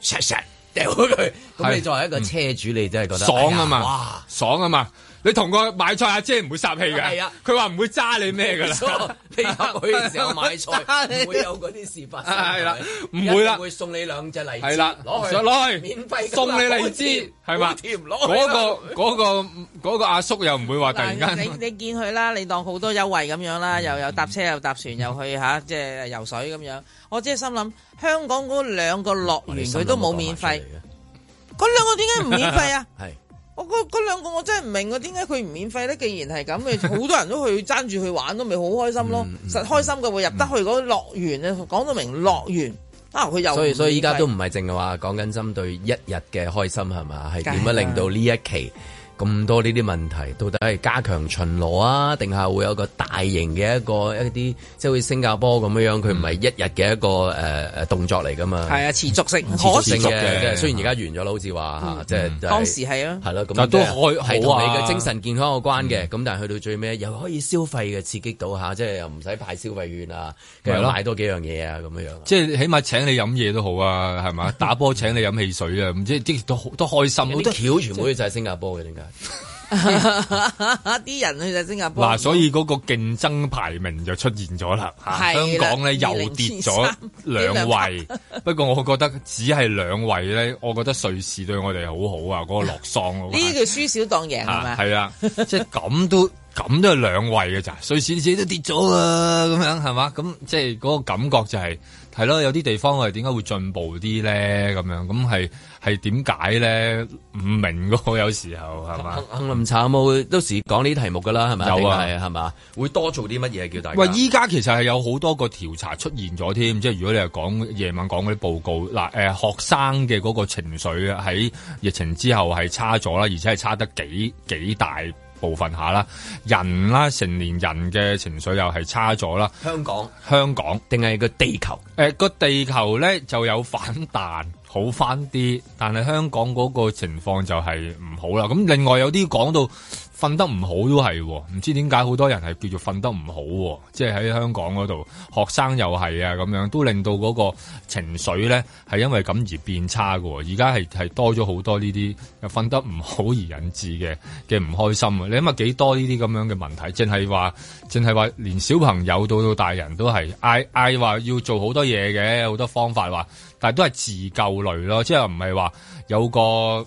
掉佢，咁你作為一個車主，嗯、你真係覺得爽啊嘛，哎、呦爽啊嘛。你同個買菜阿姐唔會殺氣嘅，係啊，佢話唔會揸你咩噶啦，你入去嘅時候買菜唔會有嗰啲事發生，係啦，唔會啦，會送你兩隻荔枝，係啦，攞去，免費送你荔枝，係嘛，甜攞，嗰個嗰個嗰個阿叔又唔會話突然間，你你見佢啦，你當好多優惠咁樣啦，又有搭車又搭船又去吓，即係游水咁樣，我即係心諗香港嗰兩個樂園佢都冇免費，嗰兩個點解唔免費啊？我嗰嗰兩個我真係唔明，我點解佢唔免費咧？既然係咁，嘅，好多人都去 爭住去玩都咪好開心咯。實開心嘅會入得去嗰個樂園，講到明樂園啊，佢又所以所以依家都唔係淨係話講緊針對一日嘅開心係嘛，係點樣令到呢一期？咁多呢啲問題，到底係加強巡邏啊，定係會有個大型嘅一個一啲，即係好似新加坡咁樣樣，佢唔係一日嘅一個誒誒動作嚟噶嘛？係啊，持續性、持續性即雖然而家完咗啦，好似話即係當時係啊，係咯。但都可係同你嘅精神健康有關嘅。咁但係去到最尾又可以消費嘅刺激到嚇，即係又唔使派消費券啊，跟住買多幾樣嘢啊咁樣樣。即係起碼請你飲嘢都好啊，係嘛？打波請你飲汽水啊，唔知即係都都開心。好多橋全部都就係新加坡嘅點解？啲 人去咗新加坡嗱， 所以嗰個競爭排名就出現咗啦。啊、的香港咧 2003 又跌咗兩位，2003 不過我覺得只係兩位咧，我覺得瑞士對我哋好好啊。嗰、嗰個洛桑呢叫輸少當贏係咪？係啊，即係咁都。 咁都係兩位嘅咋，隨時自己都跌咗啊！咁樣係嘛？咁即係嗰、嗰個感覺就係係咯，有啲地方我哋點解會進步啲咧？咁樣咁係係點解咧？唔明嗰個有時候係嘛？杏林茶有冇到時講呢啲題目噶啦？係咪？有啊，係嘛？會多做啲乜嘢叫大家？喂！依家其實係有好多個調查出現咗添，即係如果你係講夜晚講嗰啲報告嗱，誒、呃呃、學生嘅嗰個情緒喺疫情之後係差咗啦，而且係差得幾幾大。部分下啦，人啦，成年人嘅情緒又係差咗啦。香港，香港定係個地球？誒、呃，個地球呢就有反彈，好翻啲，但係香港嗰個情況就係唔好啦。咁另外有啲講到。瞓得唔好都係、喎，唔知點解好多人係叫做瞓得唔好、喎，即係喺香港嗰度學生又係啊咁樣，都令到嗰個情緒咧係因為咁而變差嘅、喎。而家係係多咗好多呢啲又瞓得唔好而引致嘅嘅唔開心啊！你諗下幾多呢啲咁樣嘅問題？淨係話，淨係話，連小朋友到到大人都係嗌嗌話要做好多嘢嘅，好多方法話，但係都係自救類咯，即係唔係話有個誒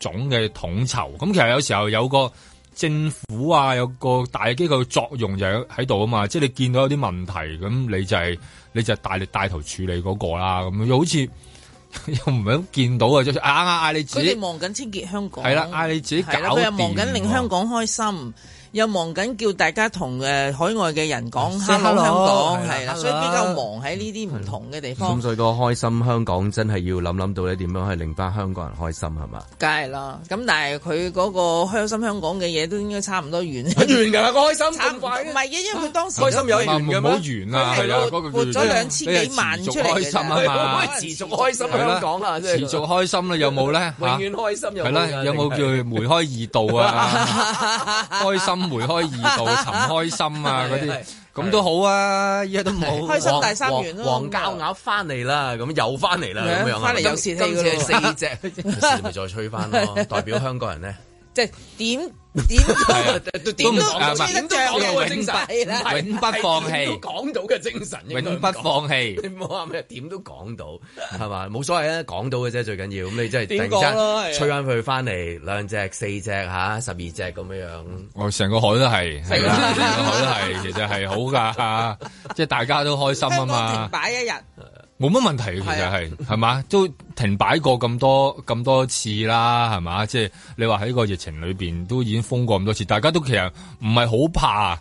總嘅統籌。咁、嗯、其實有時候有個.政府啊，有個大機構嘅作用就喺度啊嘛，即係你見到有啲問題，咁你就係、係、你就大力帶頭處理嗰個啦，咁又好似 又唔係咁見到啊，即算嗌嗌你自己，佢哋望緊清潔香港，係啦，嗌、啊、你自己搞掂，又望緊令香港開心。啊。又忙緊叫大家同誒海外嘅人講開香港係啦，所以比較忙喺呢啲唔同嘅地方。咁所以個開心香港真係要諗諗到咧點樣去令翻香港人開心係嘛？梗係啦，咁但係佢嗰個開心香港嘅嘢都應該差唔多完完㗎啦，開心慘怪嘅唔係嘅，因為佢當時開心有啲唔好完啦，係咯，活咗兩千幾萬出嚟，持續開心香港啊嘛，持續開心啦，講下持續開心啦，有冇咧？永遠開心又係啦，有冇叫梅開二度啊？開心。梅開二度尋開心啊！嗰啲咁都好啊，依家的都冇。開心第三元咯，黃王王膠鴨翻嚟啦，咁又翻嚟啦，咁的樣翻嚟有四隻啦，四呢隻，咪再吹翻咯， 代表香港人咧。即係點點都點 都點、啊、都講到嘅精神永，永不放棄。講到嘅精神，永不放棄。你唔好話咩點都講到係嘛，冇 所謂啊，講到嘅啫最緊要。咁你即係突然間吹翻佢翻嚟，兩隻 四隻吓、啊，十二隻咁樣樣。哦，成個海都係，成 啦個海都係， 其實係好噶， 即係大家都開心啊嘛。擺一日。冇乜問題是啊，其實係係嘛，都停擺過咁多咁多次啦，係嘛，即係你話喺個疫情裏邊都已經封過咁多次，大家都其實唔係好怕。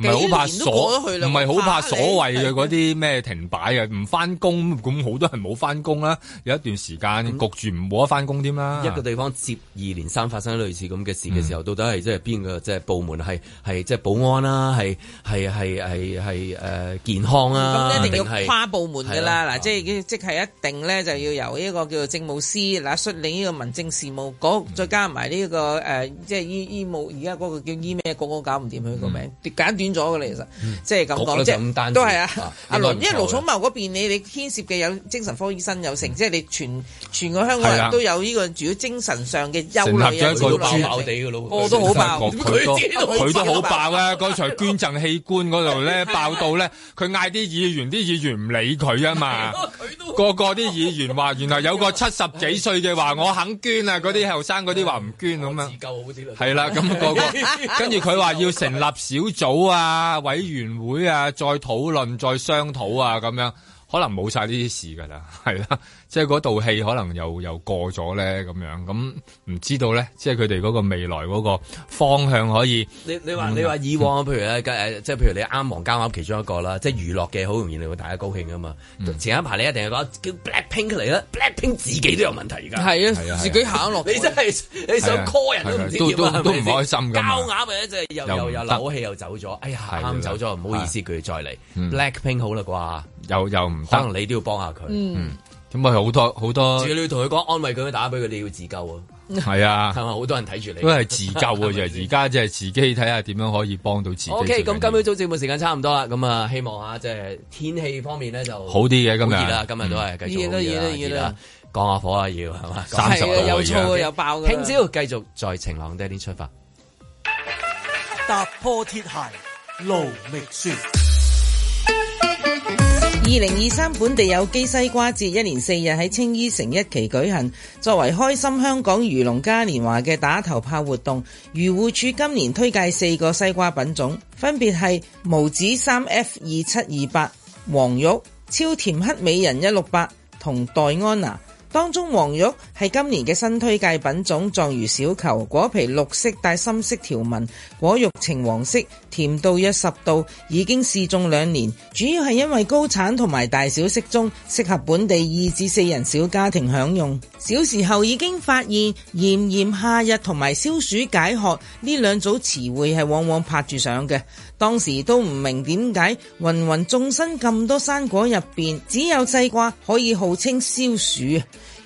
唔係好怕所唔係好怕所謂嘅嗰啲咩停擺啊？唔翻工咁，好 多人冇翻工啦。有一段時間焗住唔冇得翻工添啦。嗯、一個地方接二連三發生類似咁嘅事嘅時候，嗯、到底係即係邊個即係部門係係即係保安啦，係係係係係誒健康啦、啊。咁、嗯嗯、一定要跨部門㗎啦。嗱的，啊、即係即係一定咧，就要由呢個叫做政務司嗱，嗯、率領呢個民政事務局，再加埋呢、呢個誒，即係醫醫務，而家嗰個叫醫咩局，都搞唔掂佢個名、嗯，簡短。咗嘅，其實即係咁講，即係都係啊，阿盧因為盧寵茂嗰邊，你你牽涉嘅有精神科醫生有成，即係你全全個香港人都有呢個，主要精神上嘅憂慮啊，都爆個都好爆，佢都好爆啊！嗰場捐贈器官嗰度咧爆到咧，佢嗌啲議員，啲議員唔理佢啊嘛，個個啲議員話，原來有個七十幾歲嘅話我肯捐啊，嗰啲後生嗰啲話唔捐咁樣，係啦，咁個個跟住佢話要成立小組啊。啊！委員會啊，再討論，再商討啊，咁樣可能冇晒呢啲事㗎啦，係啦。即係嗰道戲可能又又過咗咧，咁樣咁唔知道咧，即係佢哋嗰個未來嗰個方向可以。你你話你話以往，譬如咧，即係譬如你啱啱交咬其中一個啦，即係娛樂嘅好容易令到大家高興啊嘛。前一排你一定係講叫 Black Pink 嚟啦，Black Pink 自己都有問題噶。係啊，自己行落你真係你想 call 人都唔掂啊，都唔開心噶。交咬嘅一隻又又扭氣又走咗，哎呀啱走咗唔好意思，佢再嚟 Black Pink 好啦啩，又又唔可能你都要幫下佢。咁啊，好多好多。你要同佢講，安慰佢，打俾佢，你要自救啊！係啊，係嘛，好多人睇住你。都係自救啊！而家即係自己睇下點樣可以幫到自己。O K，咁今朝早節目時間差唔多啦。咁啊，希望吓即係天氣方面咧就好啲嘅。今日好熱啦，今日都係。要啦，降下火啊！要係嘛，三十度有有爆。聽朝繼續在晴朗的一天出發，踏破鐵鞋路未絕。二零二三本地有機西瓜節一連四日喺青衣城一期舉行，作為開心香港漁農嘉年華嘅打頭炮活動。漁護署今年推介四個西瓜品種，分別係無籽三 F 二七二八、黃玉、超甜黑美人一六八同黛安娜。當中黃玉係今年嘅新推介品種，狀如小球，果皮綠色帶深色條紋，果肉呈黃色，甜度一十度，已經試種兩年。主要係因為高產同埋大小適中，適合本地二至四人小家庭享用。小時候已經發現炎炎夏日同埋消暑解渴呢兩組詞彙係往往拍住上嘅，當時都唔明點解芸芸衆生咁多生果入邊，只有西瓜可以號稱消暑。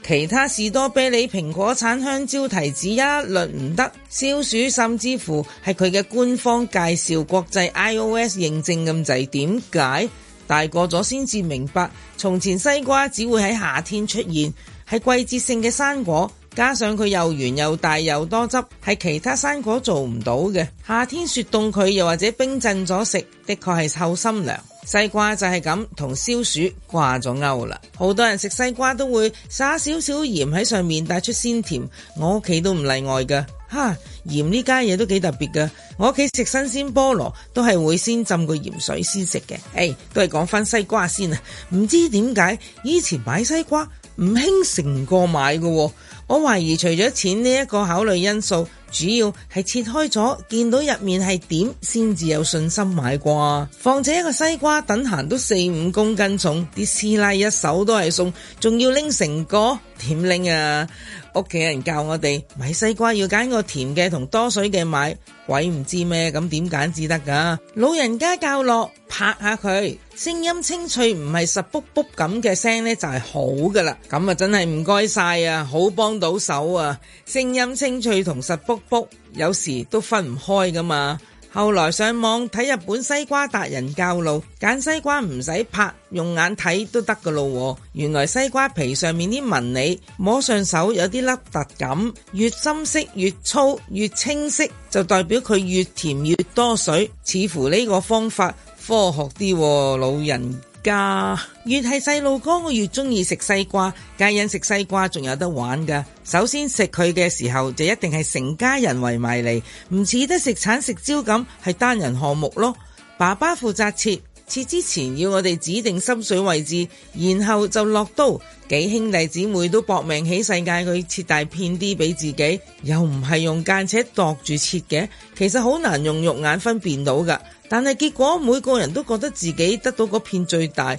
其他士多啤梨、蘋果、橙、香蕉、提子一律唔得，消暑甚至乎係佢嘅官方介紹，國際 iOS 認證咁滯，點解大個咗先至明白？從前西瓜只會喺夏天出現，係季節性嘅生果。加上佢又圓又大又多汁，係其他生果做唔到嘅。夏天雪凍佢，又或者冰鎮咗食，的確係透心涼。西瓜就係咁同消暑掛咗鈎啦。好多人食西瓜都會撒少少鹽喺上面，帶出鮮甜。我屋企都唔例外噶，哈鹽呢家嘢，都幾特別噶。我屋企食新鮮菠蘿都係會先浸個鹽水先食嘅。誒，都係講翻西瓜先啊。唔知點解以前買西瓜唔興成個買噶。我懷疑除咗錢呢一個考慮因素。主要係切開咗，見到入面係點先至有信心買啩。況且一個西瓜等閒都四五公斤重，啲師奶一手都係送，仲要拎成個，點拎啊？屋企人教我哋買西瓜要揀個甜嘅同多水嘅買，鬼唔知咩，咁點揀至得噶。老人家教落拍下佢，聲音清脆唔係實卜卜咁嘅聲呢，就係好噶啦。咁啊真係唔該晒啊，好幫到手啊，聲音清脆同實卜。卜有時都分唔開噶嘛。後來上網睇日本西瓜達人教路，揀西瓜唔使拍，用眼睇都得噶咯。原來西瓜皮上面啲紋理摸上手有啲凹凸感，越深色越粗越清晰，就代表佢越甜越多水。似乎呢個方法科學啲喎，老人。噶，越係細路哥，我越中意食西瓜。家人食西瓜仲有得玩噶。首先食佢嘅時候就一定係成家人圍埋嚟，唔似得食橙食蕉咁係單人項目咯。爸爸負責切，切之前要我哋指定心水位置，然後就落刀。幾兄弟姊妹都搏命起世界去切大片啲俾自己，又唔係用間尺度住切嘅，其實好難用肉眼分辨到噶。但係結果，每個人都覺得自己得到嗰片最大，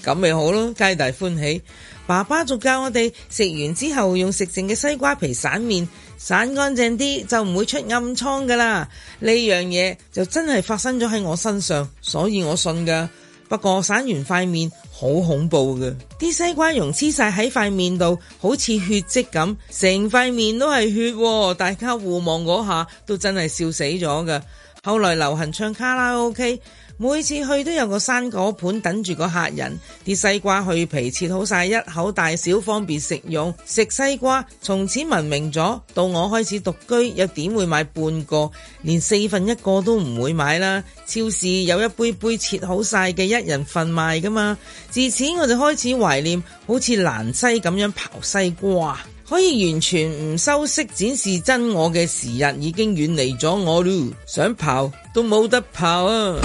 咁咪好咯，皆大歡喜。爸爸仲教我哋食完之後用食剩嘅西瓜皮散面，散乾淨啲就唔會出暗瘡噶啦。呢樣嘢就真係發生咗喺我身上，所以我信噶。不過散完塊面好恐怖嘅，啲西瓜蓉黐晒喺塊面度，好似血跡咁，成塊面都係血。大家互望嗰下都真係笑死咗噶。後來流行唱卡拉 OK，每次去都有個生果盤等住個客人，啲西瓜去皮切好晒，一口大小方便食用。食西瓜從此文明咗，到我開始獨居又點會買半個，連四份一個都唔會買啦。超市有一杯杯切好晒嘅，一人份賣噶嘛，自此我就開始懷念好似蘭西咁樣刨西瓜。可以完全唔修飾展示真我嘅時日已經遠離咗我嚕，想跑都冇得跑啊！